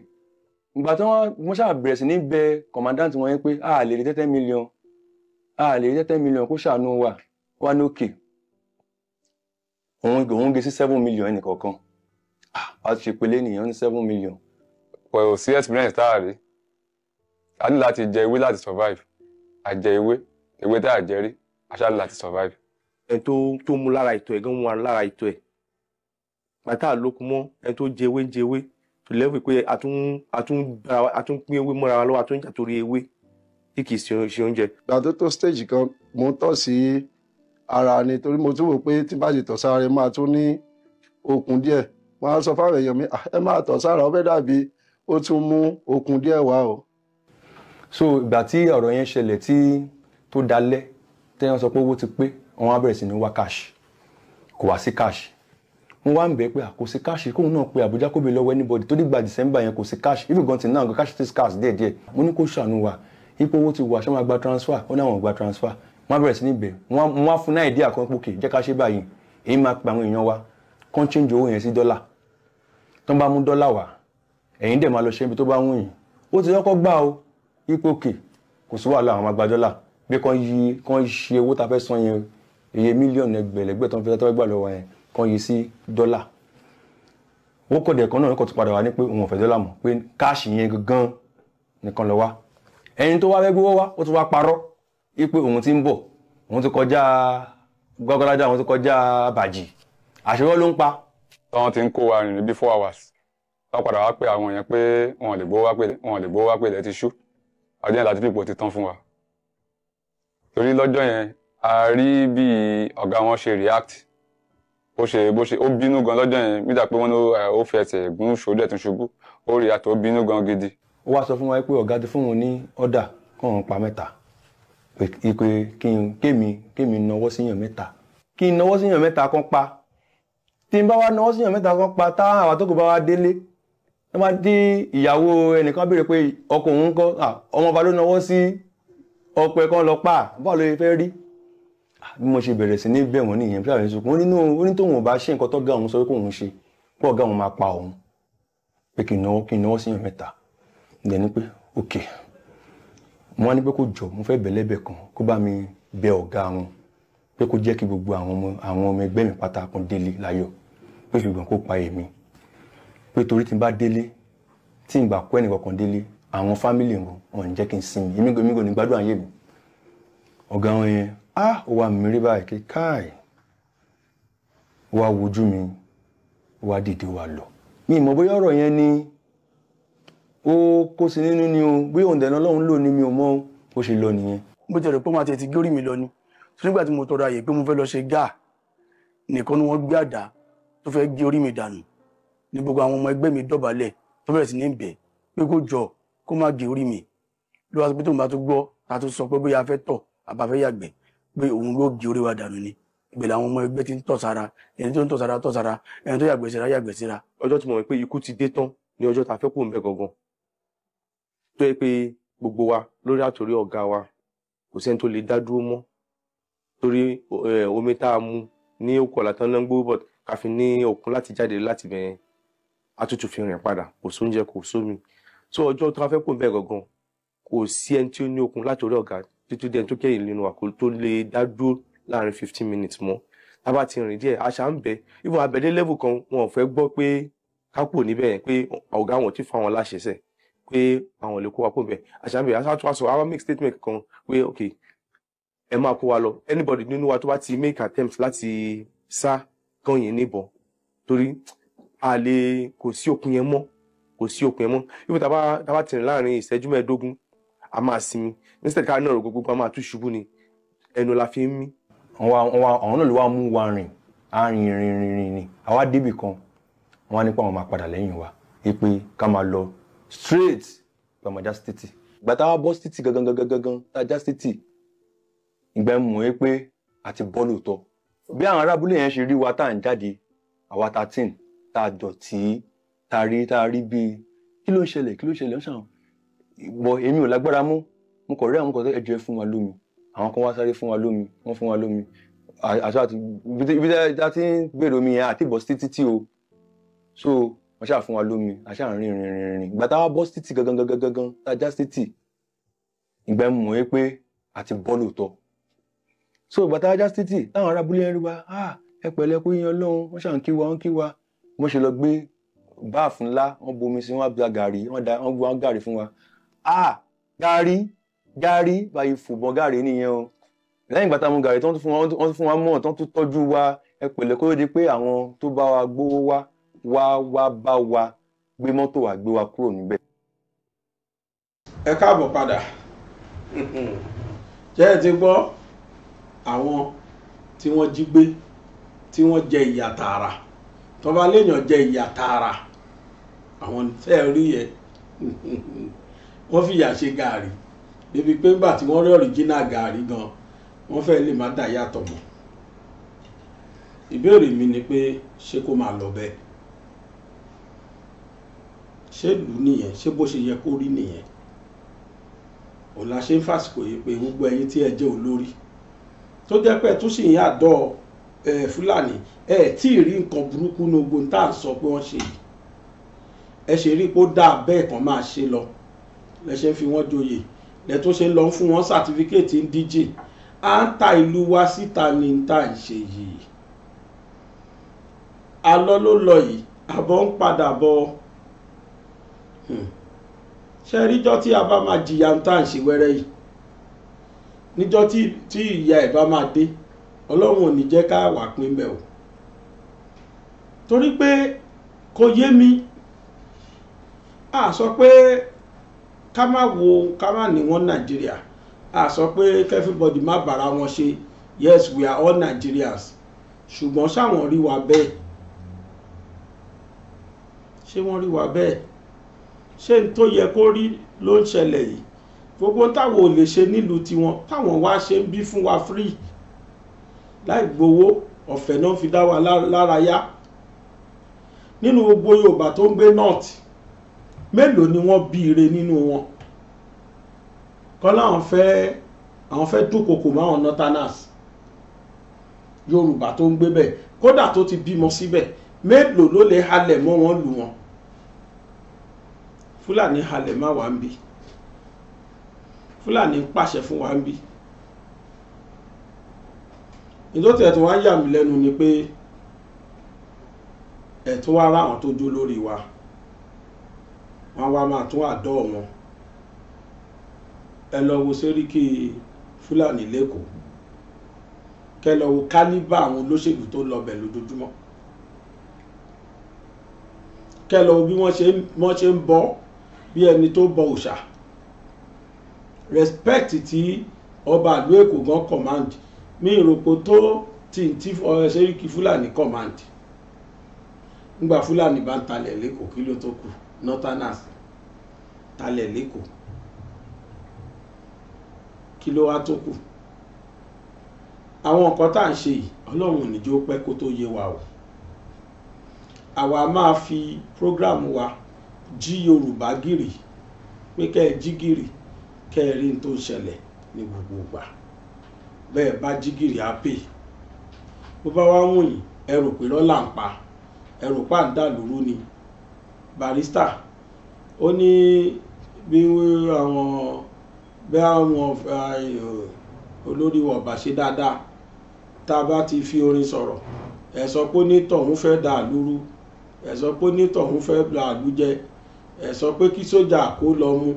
ìgbà tí wọ́n mo ṣàbẹ̀rẹ̀ sí ní bẹ kọ̀mándáǹtì wọn yẹn pé a lè rí tẹ́tẹ́ million a lè rí tẹ́tẹ́ million kó ṣàánú wa wá lókè òun òun gé sí seven million ẹnìkọ̀ọ̀kan a ti ṣe pélé nìyẹn ní seven million. pọ̀ ò sí experience tá a rí a ní láti jẹ ewé láti survive àjẹ ewé ewé tá a jẹ rí a láti survive ẹni tó tó mu lára ìtọ̀ ẹ̀ gan mu lára ìtọ̀ ẹ̀ pátá àlòkùn mọ́ ẹni tó jẹwé ń jẹwé tó lẹ́wọ̀ pé àtún pín ewé mọ́ra wa lọ́wọ́ àtún jà torí ewé tí kì í ṣe oúnjẹ. ìgbà tó tó stage kan mo tọ̀ sí ara ni torí mo tún wò pé tí bá ti tọ̀ sára rẹ̀ máa tún ní okun díẹ̀ mo á sọ fáwọn èèyàn mi ah, ẹ máa tọ̀ sára ó fẹ́ dàbí ó tún mú okun díẹ̀ wá o. so ìgbà tí ọ̀rọ̀ yẹn ṣẹlẹ̀ tí tó dalẹ̀ tẹ́yàn sọ pé owó ti pé wọ́n wá bẹ̀rẹ̀ sí ní wá cash kò wá sí cash wọ́n wá ń bẹ̀ pé kò sí cash kóun náà pe àbújá kó bẹ̀ lọ́wọ́ anybody tó dìgbà december yẹn kò sí cash if you gan ti náà cash ti scarce díẹ̀ díẹ̀ mo ní kó ṣàánú wa ipò owó ti wà ṣé wọ́n gba transfer ó náà wọ́n gba transfer wọ́n bẹ̀rẹ̀ sí ní bẹ̀ wọ́n wá fún náà ìdí àkọ́pọ̀kè jẹ́ ká ṣe báyìí èyí máa pe àwọn èèyàn wa kán change owó yẹn sí dọ́là tó ń bá mú dọ́là wá ẹ̀yin dẹ̀ máa lọ ṣe ibi tó bá wù yín ó ti lọ́kọ́ gbà o ipò òkè kò sí wàhálà àwọn máa gba dọ́là bí kan yí kan ṣe owó ta fẹ́ san yẹn iye mílíọ̀nù ẹgbẹ̀lẹ́gbẹ̀ tó ń fi tẹ́tọ́ gbà lọ́wọ́ yẹn kan yìí sí dọ́là ó kọ̀ dẹ̀ kan náà kò tún padà wá ní pé òun ò fẹ́ dọ́là mọ̀ pé káàṣì yẹn gangan nìkan lọ wá ẹni tó wá fẹ́ gbówó wá ó tún wá parọ́ wípé òun ti ń bọ̀ òun ti kọjá gbọ́gbọ́lájà òun ti kọjá bàjì àṣewọ́ ló ń pa. táwọn ti ń kó wa rìn ní bí four hours wọ́n padà wá pé àwọn yẹn pé wọn lè gbówó wá pé ilẹ̀ ti ṣú àdéhùn láti fipò ti tán fún wa torí lọ́jọ́ yẹn a rí bí ọ̀gá wọn ṣe react bó ṣe bó ṣe ó bínú gan lọ́jọ́ yẹn nígbà pé wọ́n ó fi ẹsẹ̀ gún ṣòdú ẹ̀ tún ṣubú ó react ó bínú gan gidi. ó wá sọ fún wa pé ọ̀gá ti fún wọn ní ọ̀dà kó wọn pa mẹ́ta pé kémi kémi náwó síyàn mẹ́ta kí n náwó síyàn mẹ́ta kan pa tí n bá wá náwó síyàn mẹ́ta kan pa táwọn àwọn tó kù bá wá délé wọ́n bá dé ìyàwó ẹnìkan béèrè pé ọkọ òun ọmọ ọba ló náwó sí ọpẹ kan lọ pa báwo ló fẹ́ rí bí mo ṣe bẹ̀rẹ̀ sí ní bẹ̀ wọ́n nìyẹn bí àwọn ìṣòkò wọn nínú onítòhún ọba ṣe nǹkan tó ga òun sọ pé òun ṣe pé ọ̀gá òun máa pa òun pé kì í náwó kì í náwó sí ìyàn mẹ́ta ǹdẹ̀ ni pé ok mo wá ní pé kó jọ mo fẹ́ bẹ̀lẹ́bẹ̀ kan kó bá mi bẹ ọ̀gá wọn pé kó jẹ́ kí gbogbo àwọn ọmọ àwọn ọmọ ẹgbẹ́ mi pátákùn délé láyọ̀ pé ṣùgbọ́n kó pa èmi pé torí tí n bá délé tí n gbà kó ẹnì kankan délé àwọn fámìlì wọn wọn ń jẹ́ kí n sinmi èmi kò ní gbádùn ayé mi ọ̀gá wọn yẹn A ó wá mírí báyìí kí káì wá wojú mi wá dìde wá lọ mi mọ̀ bóyá ọ̀rọ̀ yẹn ni ó kó sí nínú ni o bóyá òǹdẹ̀ náà lọ́hùn lò ní mi ò mọ̀ ó ṣe lọ nìyẹn. bó ti rẹ̀ pé máa tètè górí mi lọ ni tó nígbà tí mo tọrọ àyè pé mo fẹ́ lọ ṣe gáà nìkan ni wọ́n gbé àdá tó fẹ́ gé orí mi dànù ní gbogbo àwọn ọmọ ẹgbẹ́ mi dọ̀bálẹ̀ tó bẹ̀rẹ̀ sí ní bẹ̀ pé kó jọ kó má gé orí mi ló wá sọ pé tóun bá tó gbọ́ ta tó sọ pé bóyá a fẹ́ tọ̀ àbáfẹ́ yàgbẹ́ pé òun yóò di orí wa dànù ni ìbẹ̀lẹ̀ àwọn ọmọ ẹgbẹ́ ti ń tọ̀sára ẹni tó ń tọ̀sára tọ̀sára ẹni tó yàgbẹ̀síra yàgbẹ̀síra. ọjọ́ tí mo mọ̀ pé ikú ti dé tán ní ọjọ́ tá a fẹ́ kó ń bẹ gangan tó yẹ pé gbogbo wa lórí àtòrí ọ̀gá wa kò sẹ́ni tó lè dá dúró mọ́ torí omi tá a mu ní okùn ọ̀làtàn náà ń gbó bọ̀ káfí ní okun láti jáde láti bẹ̀rẹ̀ àtútù fi rìn padà kò sóúnjẹ kò sómi tó ọjọ́ tó a fẹ́ kó ń gangan kò sí ẹni tí ó ní okun látòrí ọ̀gá títí dẹ́n tó kẹ́yìn nínú àkó tó lè dá dúró láàrin fifteen minutes mọ́ tábà ti rìn díẹ̀ àṣà ń bẹ ìwọ abẹ́dé level kan wọn ò fẹ́ gbọ́ pé kápò níbẹ̀ yẹn pé ọ̀gá wọn ti fa wọn láṣẹṣẹ pé àwọn lè kó wa kó bẹ̀ àṣà ń bẹ àṣà tó wá sọ àwọn make statement kan pé ok ẹ máa kó wa lọ anybody nínú wa tó bá ti make attempt láti sá kan yẹn níbọn torí a lè kò sí òkun yẹn mọ́ kò sí òkun yẹn mọ́ ìwọ tábà tábà ti rìn láàrin ìṣẹ́jú mẹ́ẹ̀ẹ́dógún a máa sinmi instead ká náà gbogbo a máa tún ṣubú ni ẹnu la fi ń mí. àwọn náà ló wá mú wa rìn arìn rìn rìn rìn ni àwa débì kan wọn á nípa àwọn máa padà lẹ́yìn wa pé ká máa lọ straight gbàmọ̀já stéètì gbàtà wa bọ́ stéètì gangan gangan gangan tá a já ìgbà mọ̀ ẹ́ pé a ti bọ́ lóòótọ́ bí àwọn arábúlé yẹn ṣe rí wa tá à ń jáde àwa thirteen tá a dọ̀tí tá a rí tá a rí bíi kí ló ń ṣẹlẹ̀ kí ló ń ṣẹlẹ̀ ń ṣàwọn ìwọ èmi ò lágbára mú mo kọ̀ rí àwọn kan tó ẹ̀jẹ̀ fún wa lómi àwọn kan wá sáré fún wa lómi wọ́n fún wa lómi àṣà àti ibi tá ti ń gbèrò mi yẹn àti bọ̀ sí títí o so wọ́n ṣáà fún wa lómi àṣà rìn rìn rìn rìn ìgbà táwa bọ́ sí títí gangan gangan gangan tá a já sí títí ìgbà mọ̀ ẹ́ pé a ti bọ́ lóòótọ́ so ìgbà táwa já sí títí táwọn ará abúlé yẹn rí wa ẹ pẹ̀lẹ́ kó yín ọlọ́run wọ́n ṣáà ń kí wa wọ́n kí wa wọ́n ṣe lọ gbé báàfù ńlá wọ́n bomi sí wọ́n da gàrí wọ́n da wọ́n gàrí fún wa ah gàrí gàrí báyìí fòbọn gàrí nìyẹn o lẹ́yìn ìgbà tá a mú gàrí tó ń fún wa mọ̀ tó ń tọ́jú wa ẹ pẹ̀lẹ́ kó di pé àwọn tó bá wa gbówó wá wá wá bá wa gbé mọ́tò wa gbé wa kúrò níbẹ̀. ẹ káàbọ̀ padà jẹ́ ẹ ti gbọ́ àwọn tí wọ́n jí gbé tí wọ́n jẹ ìyà tààrà tọ́ba léèyàn jẹ ìyà tààrà àwọn tẹ́ ẹ rí yẹn. wọ́n fìyà ṣe gàárì débi pé ńgbà tí wọ́n rí ọ̀ríjínà gàárì gan wọ́n fẹ́ lè má dà yàtọ̀ mọ́ ìbéèrè mi ni pé ṣé kó máa lọ bẹ́ẹ̀ ṣé lù nìyẹn ṣé bó ṣe yẹ kó rí nìyẹn ọ̀la ṣe ń fàsìkò yìí pé gbogbo ẹ̀yin tí ẹ jẹ́ olórí tó jẹ́ pé tún sì ń àdọ́ fúlàní ẹ tí ì rí nǹkan burúkú ní ogun tá à ń sọ pé wọ́n ṣe yìí ẹ ṣe rí pé ó dáa bẹ́ẹ̀ kan máa ṣe lọ lẹ́sẹ̀ fi wọ́n joyè lẹ́tún ṣe lọ fún wọn sátífíkẹ́ẹ̀tì ń díje à ń ta ìlú wa síta ní ta ń ṣe yìí alọ́ ló lọ yìí àbọ̀ ń padà bọ̀ hmm. ṣe ríjọ́ tí a bá máa jìyà ń tà ń ṣe wẹ́rẹ́ yìí níjọ́ tí ìyà ẹ̀ bá máa dé ọlọ́run ò ní jẹ́ ká wà pín bẹ́ẹ̀ o torí pé kò yé mi a sọ pé ká má wo ká má ní wọn nàìjíríà a sọ pé everybody má bára wọn ṣe yes we are all Nigerians ṣùgbọ́n sáwọn rí wa bẹ́ẹ̀ ṣé wọ́n rí wa bẹ́ẹ̀ ṣé n tó yẹ kó rí ló ń ṣẹlẹ̀ yìí gbogbo táwọn ò lè ṣe nílùú tiwọn táwọn wá ṣe ń bí fún wa free láì gbowó ọ̀fẹ́ náà fi dá wa lárayá nínú gbogbo Yorùbá tó ń gbé north mélòó ni wọ́n bí ire nínú wọn kọ́lá àwọn fẹ́ àwọn fẹ́ dúnkokò mọ́ àwọn northerners yorùbá tó ń gbé bẹ́ẹ̀ kódà tó ti bímọ síbẹ̀ mélòó ló lè halẹ̀ mọ́ wọn lù wọn fúlàní halẹ̀ má wà ń bí fúlàní ń pàṣẹ fún wa ń bí ìdótì ẹ̀ tó wá ń yà mí lẹ́nu ni pé ẹ̀ wá ráwọn tó jó lórí wa. Mbe, wọ́n wá máa tún àdọ́ wọn ẹ lọ wo sẹ́ríkì fúlàní lẹ́kọ̀ọ́ kẹ lọ wo kálíbà àwọn olóṣèlú tó lọ bẹ̀ lójoojúmọ́ kẹ lọ wo bí wọ́n ṣe ń bọ́ bí ẹni tó bọ òòṣà respect tí ọba ìlú èkó gan command mi ìròpò tó tí n tí eh, sẹ́ríkì fúlàní command ńgbà fúlàní bá ń talẹ̀ lẹ́kọ̀ọ́ kí ló tó kù northerners talẹ̀ lẹ́kọ̀ọ́ kí ló wá tó kù àwọn nǹkan tá à ń ṣe yìí ọlọ́run níjó pẹ́ kó tó yé wa o àwa máa fi program wa jí yorùbá gìrì pé kẹ́ ẹ jí gìrì kẹ́ ẹ rí n tó ń ṣẹlẹ̀ ní gbogbo ìgbà bẹ́ẹ̀ bá jí gìrì á pè bó bá wá wọ̀nyí ẹ pé rọ́là ń pa ẹ pà ń dà lóró ni Barista, ó ní bí àwọn bí àwọn eh, olórí wa bá ṣe dáadáa tá a bá ti fi orin sọ̀rọ̀ ẹ̀ sọ pé ní tọ̀hún fẹ́ dà lúrú ẹ̀ sọ pé ní tọ̀hún fẹ́ dà lújẹ ẹ̀ pé kí sójà kó lọ mú.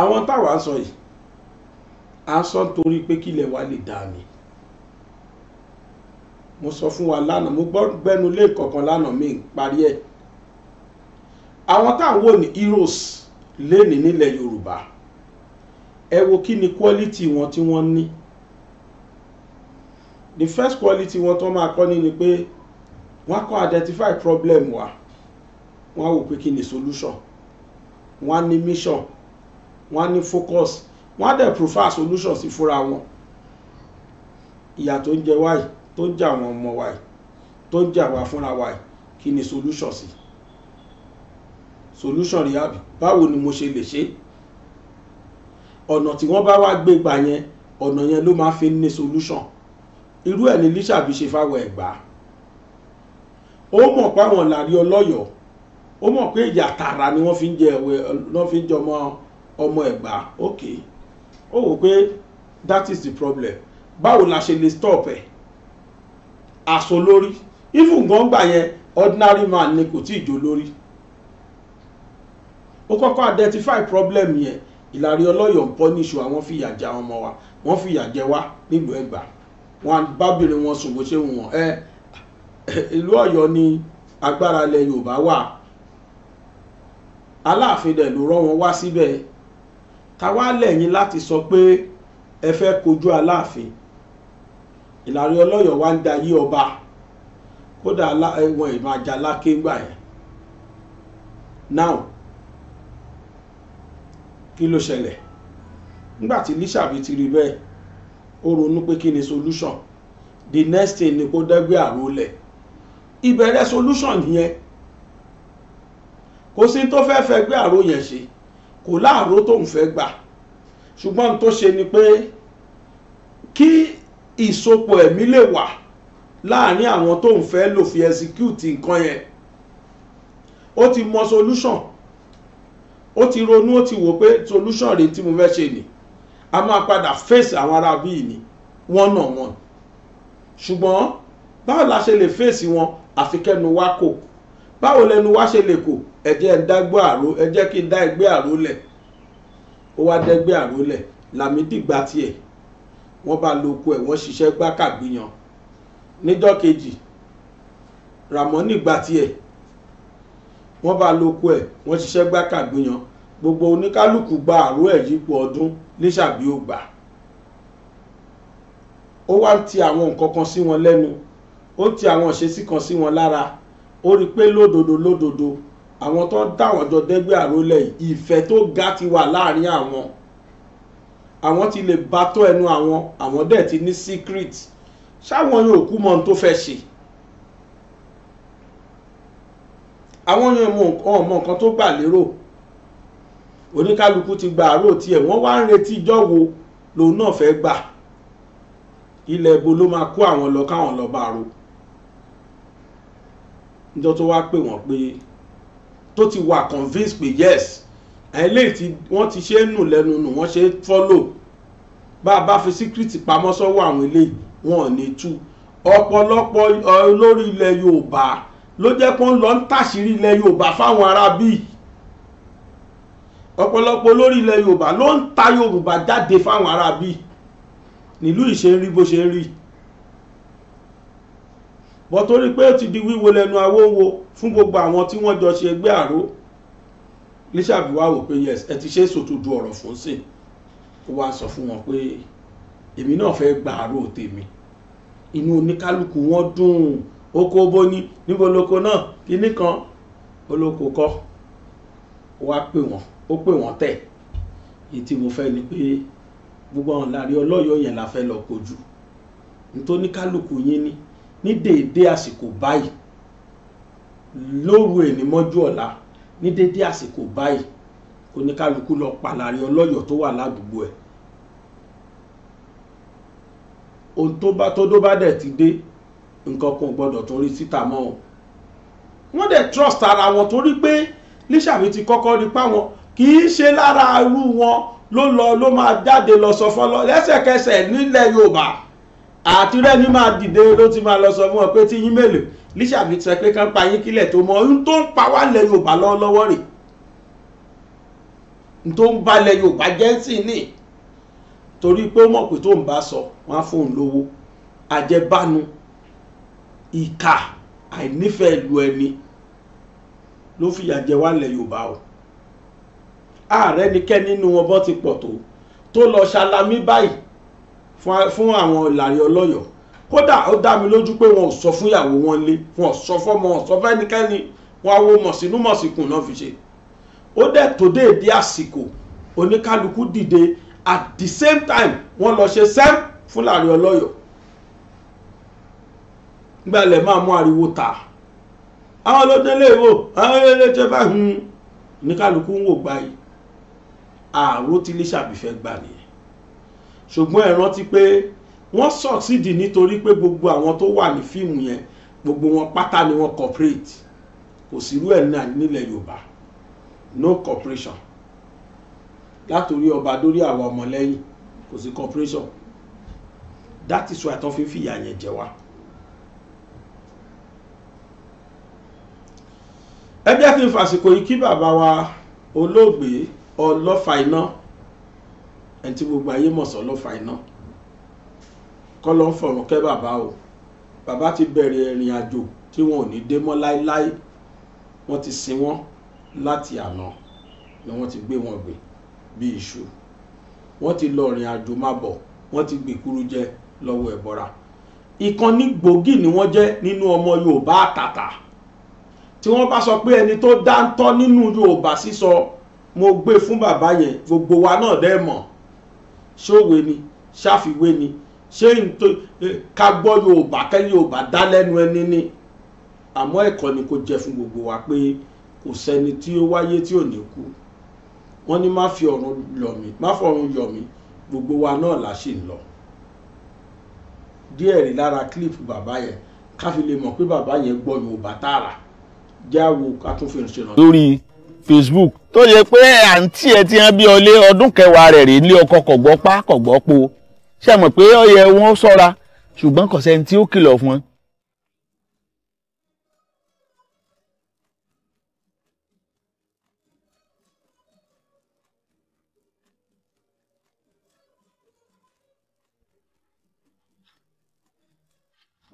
àwọn táwa sọ yìí a sọ nítorí pé kílẹ̀ wa lè dà ní mo sọ fún wa lánàá mo gbẹ́nu lé kọ̀ọ̀kan lánàá mi parí ẹ̀ àwọn tá à ń wò ní heroes lénìí nílẹ̀ Yorùbá ẹ wo kí ni quality wọn tí wọ́n ní the first quality wọn tó máa kọ́ ni ni pé wọ́n kọ́ identify problem wa wọ́n á wò pé kí ni solution wọ́n á ní mission wọ́n á ní focus wọ́n á dẹ̀ prefer solution sí fúnra wọn ìyà tó ń jẹ wáyìí tó ń jà àwọn ọmọ wa yìí tó ń jà wá fúnra wa yìí kí ni solution sí solution rí àbí báwo ni mo ṣe lè ṣe ọ̀nà tí wọ́n bá wá gbé gbà yẹn ọ̀nà yẹn ló máa fi ní solution irú ẹ̀ ni Lísàbí ṣe fáwọn Ẹ̀gbá ó mọ̀ páwọn làrí ọlọ́yọ̀ọ́ ó mọ̀ pé ìyà tààrà ni wọ́n fi ń jẹ ẹ̀wẹ̀ wọ́n fi ń jẹ ọmọ ọmọ Ẹ̀gbá ok ó wò pé that is the problem báwo la ṣe lè stop ẹ̀ eh? àṣọ lórí even gbọ̀ngbà yẹn ordinary man ni kò tí ì jó lórí ó kọ́kọ́ identify problem yẹn Ìlàrí ọlọ́yọ̀ ń pọ́níṣù àwọn fìyà jẹ àwọn ọmọ wa wọ́n fìyà jẹ wá nílùú Ẹ̀gbá wọn bábìrin wọn sùn bó ṣe wù wọ́n ẹ ìlú Ọ̀yọ́ ni agbára ilẹ̀ Yorùbá wà Aláàfin dẹ̀ ló rán wọn wá síbẹ̀ táwa lẹ́yìn láti sọ pé ẹ fẹ́ kojú Aláàfin ìlàrí ọlọ́yọ̀ wá ń darí ọba kódà ẹ̀wọ̀n eh, ìlú ajá lákégbà ẹ̀ now kí ló ṣẹlẹ̀ nígbà tí Lísàbí ti rí bẹ́ẹ̀ ó ronú pé kí ni solution the next thing ni kó dẹ́gbẹ́ àrólẹ̀ ìbẹ̀rẹ̀ solution yẹn kò sí tó fẹ́ fẹ́ gbé àró yẹn ṣe kò láàró tóun fẹ́ gbà ṣùgbọ́n tó ṣe ni pé kí ìsopọ̀ ẹ̀mí lè wà láàrin àwọn tó ń fẹ́ lò fi execute nǹkan yẹn ó ti mọ solution ó ti ronú ó ti wò pé solution rèé tí mo fẹ́ ṣe ni a máa padà face àwọn ará bíi ni one on one ṣùgbọ́n báwo la ṣe lè face wọn àfi kẹ́nu wa kò báwo lẹnu wa ṣe lè kò ẹ jẹ́ ń dágbó àró ẹ jẹ́ kí n dá ẹgbẹ́ àró lẹ̀ ó wá dẹ́gbẹ́ àró lẹ̀ làmídìgbà tiẹ̀ wọ́n bá lo oko ẹ̀ wọ́n ṣiṣẹ́ gbákàgbìyàn níjọ́ kejì Ràmọ́nì gba tiẹ̀ wọ́n bá lo oko ẹ̀ wọ́n ṣiṣẹ́ gbákàgbìyàn gbogbo oníkálukú gba àrò ẹ̀ yípo ọdún ní ṣàbí ògbà ó wá ń ti àwọn nǹkan kan sí wọn lẹ́nu ó ti àwọn ìṣesí kan sí wọn lára ó rí i pé lódodo lódodo àwọn tó ń dáwọn jọ dẹ́gbẹ́ àrólẹ̀ ìfẹ́ tó ga ti wà láàrin àwọn àwọn ti lè bá tó ẹnu àwọn àwọn dẹ̀ ti ní secret ṣáwọn yóò kú mọ ohun tó fẹ́ ṣe àwọn yóò mọ ọmọ nǹkan tó gbà lérò oníkálukú ti gba àárò tiẹ̀ wọ́n wá ń retí ìjọ́ wo lòun náà fẹ́ gbà ilẹ̀ ibo ló máa kó àwọn lọ káwọn lọ bá ro níjọ́ tó wá pè wọ́n pé tó ti wà convinced pé yes eléyìí tí wọ́n ti ṣe é nù lẹ́nu nù wọ́n ṣe é follow bá a bá fi síkírìtì pamọ́ sọ́wọ́ àwọn eléyìí wọn ò ní tú ọ̀pọ̀lọpọ̀ olórí ilẹ̀ Yorùbá ló jẹ́ kó ń lọ ń tàṣírí ilẹ̀ Yorùbá fáwọn ará bíi ọ̀pọ̀lọpọ̀ olórí ilẹ̀ Yorùbá ló ń ta Yorùbá jáde fáwọn ará bíi nílùú ìṣe ń rí bó ṣe ń rí bọ́ torí pé ó ti di wíwo lẹ́nu awó wo fún gbogbo àwọn tí wọ́n jọ ṣe ẹgbẹ́ àró Lísàbí wá wò pé yes ẹ ti ṣe sòtò du ọ̀rọ̀ fún sí ó wá sọ fún wọn pé èmi náà fẹ́ gba àárò tèmi inú oníkálukú wọn dùn oko bóni níbo lóko náà kinní kan olóko kọ́ ó wá pè wọ́n ó pè wọ́n tẹ̀ èyí tí mo fẹ́ ni pé gbogbo àwọn láàrin ọlọ́yọ̀ọ́ yẹn la fẹ́ lọ kojú nítorí kálukú yín ni ní déédéé àsìkò báyìí lóru ènìmọ́jú ọ̀la ní dédé àsìkò báyìí oníkálukú lọ pàlàrí ọlọ́yọ̀ tó wà ládùúgbò ẹ̀ ohun tó bá tó dó bá dẹ̀ ti dé nǹkan kan gbọ́dọ̀ tó rí síta mọ́ o wọ́n dẹ̀ trust ara wọn torí pé Lísàmì ti kọ́kọ́ rí pa wọn kì í ṣe lára irú wọn ló lọ ló máa jáde lọ sọ fọlọ lẹ́sẹ̀kẹsẹ̀ nílẹ̀ Yorùbá àtirẹ́ni máa dìde ló ti máa lọ sọ fún ọ pé tí yín mélòó Lísàbí sọ pé kán pa yín kílẹ̀ tó mọ ohun tó ń pa wá lẹ Yorùbá lọ́wọ́lọ́wọ́ rè ohun tó ń bá lẹ Yorùbá jẹ́ sí ni torí pé ó mọ̀ pé tó ń bá sọ wọ́n á fóun lówó àjẹbánu ìkà àìnífẹ̀ẹ́ ìlú ẹni ló fìyà jẹ wá lẹ Yorùbá o ààrẹ nìkẹ́ nínú wọn bọ́ ti pọ̀ tó tó lọ ṣalami báyìí fún àwọn ìlàrí ọlọ́yọ̀ọ́ kódà ó dá mi lójú pé wọn ò sọ fún ìyàwó wọn lé wọn ò sọ fọmọ wọn ò sọ fẹ́nikẹ́ni wọn awo mọ̀sínú mọ̀sínkùn náà fi ṣe ó dẹ̀ tó dé èdè àsìkò oníkálukú dìde at the same time wọ́n lọ ṣe sẹ́m fún láàrin ọlọ́yọ̀ gbẹ̀lẹ̀ máa mú ariwo ta àwọn olódélé ìwò àwọn olódélé tó bá hun hmm. oníkálukú ń wò gbáyìí ààrò tí lè ṣàbífẹ́ gbà nìyẹn ṣùgbọ́n ẹ rántí pé wọ́n succeed nítorí pé gbogbo àwọn tó wà ní fíìmù yẹn gbogbo wọn pátá ni wọ́n cooperate kò sírú ẹ̀ náà nílẹ̀ yorùbá no cooperation látòrí ọba dórí àwa ọmọlẹ́yìn kò sí cooperation that is why tán fi fìyà yẹn jẹ wá. ẹ jẹ́ kí n fàsìkò yìí kí bàbá wa olóògbé ọlọ́fà iná ẹni tí gbogbo ayé mọ̀ sọ́ iná kọ́lọ́ ń fọ̀rùn kẹ́ bàbá o bàbá ti bẹ̀rẹ̀ ìrìn àjò tí wọn ò ní dé mọ́ láéláé wọ́n ti sin wọ́n láti àná ni wọ́n ti gbé wọn gbé bí iṣu wọ́n ti lọ ìrìn àjò má bọ̀ wọ́n ti gbèkúrú jẹ lọ́wọ́ ẹ̀bọra ìkànnì gbòógì ni wọ́n jẹ́ nínú ọmọ Yorùbá àtàtà tí wọ́n bá sọ pé ẹni tó dáńtọ́ nínú Yorùbá sísọ mo gbé e fún bàbá yẹn gbogbo wa náà dẹ́ mọ̀ ṣòwe ni ṣàfiwé ni ṣé ká gbọ́ yorùbá kẹ́ yorùbá dá lẹ́nu ẹni ni àmọ́ ẹ̀kọ́ ni kò jẹ́ fún gbogbo wa pé kò sẹ́ni tí ó wáyé tí ò ní kú wọ́n ní má fi ọ̀run lọ̀ mí má fọ̀run yọ̀ mí gbogbo wa náà là ṣì ń lọ díẹ̀ rí lára clip bàbá yẹn ká fi lè mọ̀ pé bàbá yẹn gbọ́ yorùbá tààrà jáwo ká tún fi ṣèrànlọ́wọ́. lórí facebook tó yẹ pé àǹtí ẹ ti hàn bí ọlé ọdún kẹwàá rẹ̀ rèé ní ọkọ kọ̀gbọ́pá kọ̀gbọ́po ṣe mọ̀ pé ó yẹ wọ́n ṣọ́ra ṣùgbọ́n kò sẹ́ni tí ó kìlọ̀ fún wọn.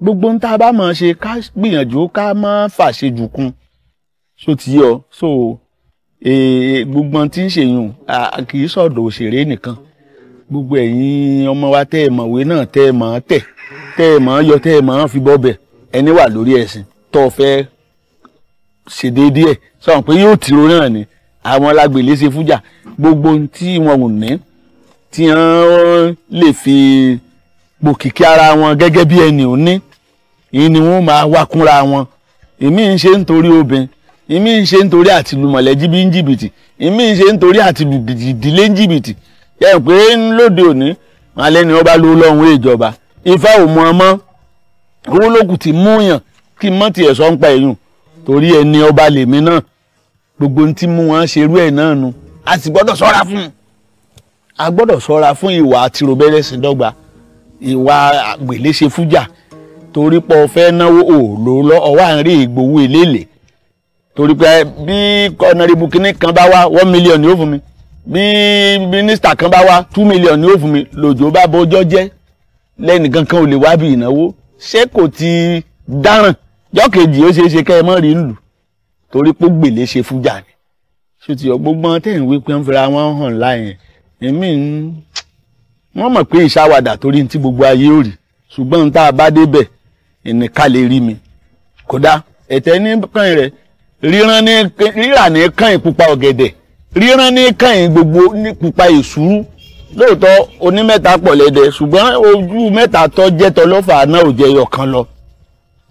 gbogbo ń tá a bá mọ̀ ṣe ká gbìyànjú ká má fàṣejù kun so ti yọ so eh, gbogbo ohun tí ń ṣèyàn kì í sọ̀dọ̀ òṣèré nìkan gbogbo ẹ̀yin ọmọ wa tẹ́ ẹ̀ mọ̀wé náà tẹ́ ẹ̀ mọ̀ tẹ̀ tẹ́ ẹ̀ mọ̀ yọ tẹ́ ẹ̀ mọ̀ fi bọ́bẹ̀ ẹni wà lórí ẹ̀sìn tó fẹ́ ṣe déédéé ẹ̀ sọ̀rọ̀ pé yóò tìrò náà ni àwọn alágbèlé ṣe fújà gbogbo tí wọn ò ní tí wọn lè fi gbòkìkí ara wọn gẹ́gẹ́ bí ẹni ò ní ìyẹn ni wọn máa wá kúnra wọn èmi ń ṣe nítorí obìnrin èmi ń ṣe nítorí àtìlù mọ̀lẹ́jì ń jìbìtì èmi ń ṣe nítorí àtìlù ń jìbìtì yẹ pé lóde òní alẹ́ ni wọ́n bá lówó lọ́hùn ìjọba ifá ò mọ ọmọ owó lókù ti mú yàn kí mọ́ tiẹ̀ sọ ń pa èyàn torí ẹni ọba lèmi náà gbogbo ohun tí mú wọn ṣerú ẹ̀ náà nu a sì gbọ́dọ̀ sọ́ra fún un a gbọ́dọ̀ sọ́ra fún ìwà àtirò bẹ́rẹ̀ ìwà àgbèlé fújà torí pọ̀ fẹ́ náwó òòlò lọ ọwọ́ àárín ìgbowó eléèlé torí pé bí kọ́nà rìbùkínní kan bá wá one million ni ó fún mi bí mínísítà kan bá wá two million ní ó fún mi lòjò bá bọjọ́ jẹ́ lẹ́nìkan kan ò lè wá bí ìnáwó ṣé kò ti dáràn jọ́kejì ó ṣeé ṣe kẹ́ ẹ mọ́ rí lù torí pé gbèlè ṣe fújà ni ṣùtì ọgbọ́gbọ́n tẹ̀ ń wí pé ń fira wọn hàn láyẹn èmi ń wọ́n mọ̀ pé ìṣàwàdà torí ti gbogbo ayé ò rí ṣùgbọ́n tá a bá débẹ̀ ìnìka lè rí mi kódà ẹ̀tẹ́ ní kàn rẹ̀ ríran ní rírà ní kàn ìpupa ọ̀gẹ̀dẹ̀ ríran ní kàyìn gbogbo ní pupa ìṣúrú lóòótọ́ onímẹ́ta pọ̀ lẹ́dẹ̀ ṣùgbọ́n ojú mẹ́ta tó jẹ́ tọlọ́fà náà ò jẹyọ kan lọ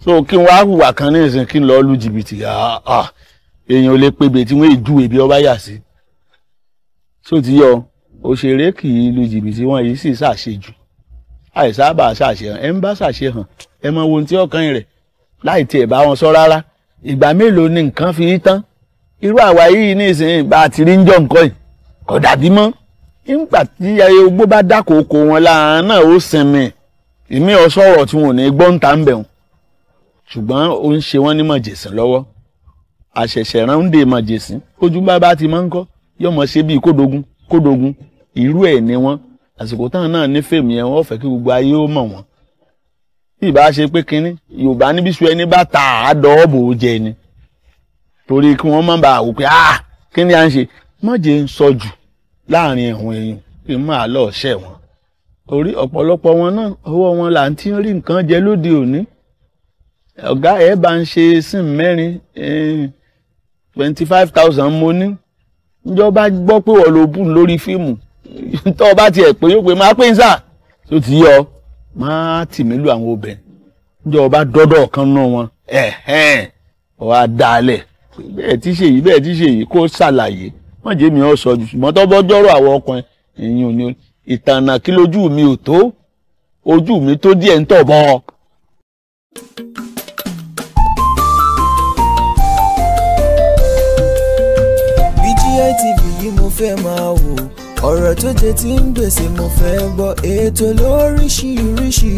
so kí n wá hùwà kan ní ìsìn kí n lọ lu jìbìtì èèyàn ò lè pebè tí wọ́n èjú èbí ọba yà sí so ti yọ òṣèré kì í lu jìbìtì wọn yìí sì ṣàṣejù àìsábà ṣàṣehàn ẹ ń bá ṣàṣehàn ẹ mọ ohun tí ọkàn rẹ láì tiẹ̀ bá wọn sọ rárá ìgbà mélòó ni nǹkan fi í tán irú àwa yìí nísìnyí bá a ti rí ń jọ nǹkan yìí kò dàbí mọ́ nígbà tí ayé wọn láàrin náà ó sinmi ìmí ọ̀sọ̀rọ̀ tí wọn ò ní gbọ́ ń ṣe wọ́n ní lọ́wọ́ àṣẹ̀ṣẹ̀ ti máa ń kọ́ ṣe bíi kódogun kódogun irú ẹ̀ ni wọ́n àsìkò táwọn náà ní fèmí ẹ̀ wọ́n fẹ́ kí gbogbo ayé ó mọ̀ wọ́n bí ìbá ṣe pé kínní yorùbá níbi ẹni bá ta àádọ́ torí kí wọ́n má bàa wò pé ah kí ni à ń ṣe mọ̀jẹ̀ ń sọ jù láàrin ẹ̀hún èèyàn kí n máa lọ ṣẹ̀ wọ́n torí ọ̀pọ̀lọpọ̀ wọn náà ọwọ́ wọn là ń tí rí nǹkan jẹ lóde òní ọ̀gá ẹ̀ bá ń ṣe sín mẹ́rin eh, twenty five thousand mo ní ìjọba gbọ́ pé wọ́n ló bùn lórí fíìmù tó o bá tiẹ̀ pé yóò pé máa pín sáà tó ti yọ máa tì mí lu àwọn obìnrin ìjọba dọ́dọ̀ kan náà wọn ẹ̀hẹ́n ọ̀ á dalẹ̀ bẹ́ẹ̀ ti ṣe yìí bẹ́ẹ̀ tí ṣe yìí kó ṣàlàyé má mi ò sọ jù ṣùgbọ́n tó bọ́ àwọn ọkùnrin mi ò tó ojú mi tó die ń tọ̀ yìí mo fẹ́ máa wò ọ̀rọ̀ tó jẹ ti ń gbèsè mo fẹ́ gbọ́ ètò lóríṣiríṣi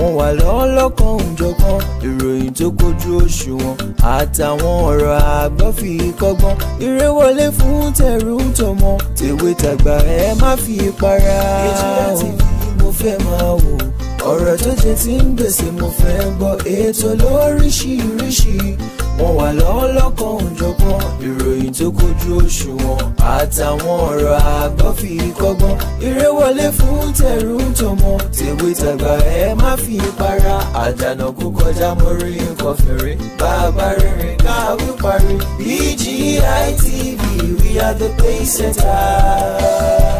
wọ́n wà lọ́lọ́kan òjọ̀kan ìròyìn tó kojú òṣùwọ̀n àtàwọn ọ̀rọ̀ àgbọ́ fi kọ́gbọ́n eré wọlé fún tẹ̀rù tọmọ tèwe tàgbà ẹ má fi para mo fẹ́ máa wò ọ̀rọ̀ tó jẹ ti ń gbèsè mo fẹ́ gbọ́ ètò lóríṣiríṣi wọ́n wà lọ́wọ́ lọ́kàn òjọ̀gbọ́n ìròyìn tó kojú òṣùwọ̀n àtàwọn ọ̀rọ̀ àgbọ́ fi kọ́gbọ́n eré wọlé fún tẹ̀rù tọmọ tèwe tàgbà ẹ má fi para àdànà kó kọjá mọ́rí nǹkan fèrè bàbá rìnrìn káwí parí BGI we are the pace setters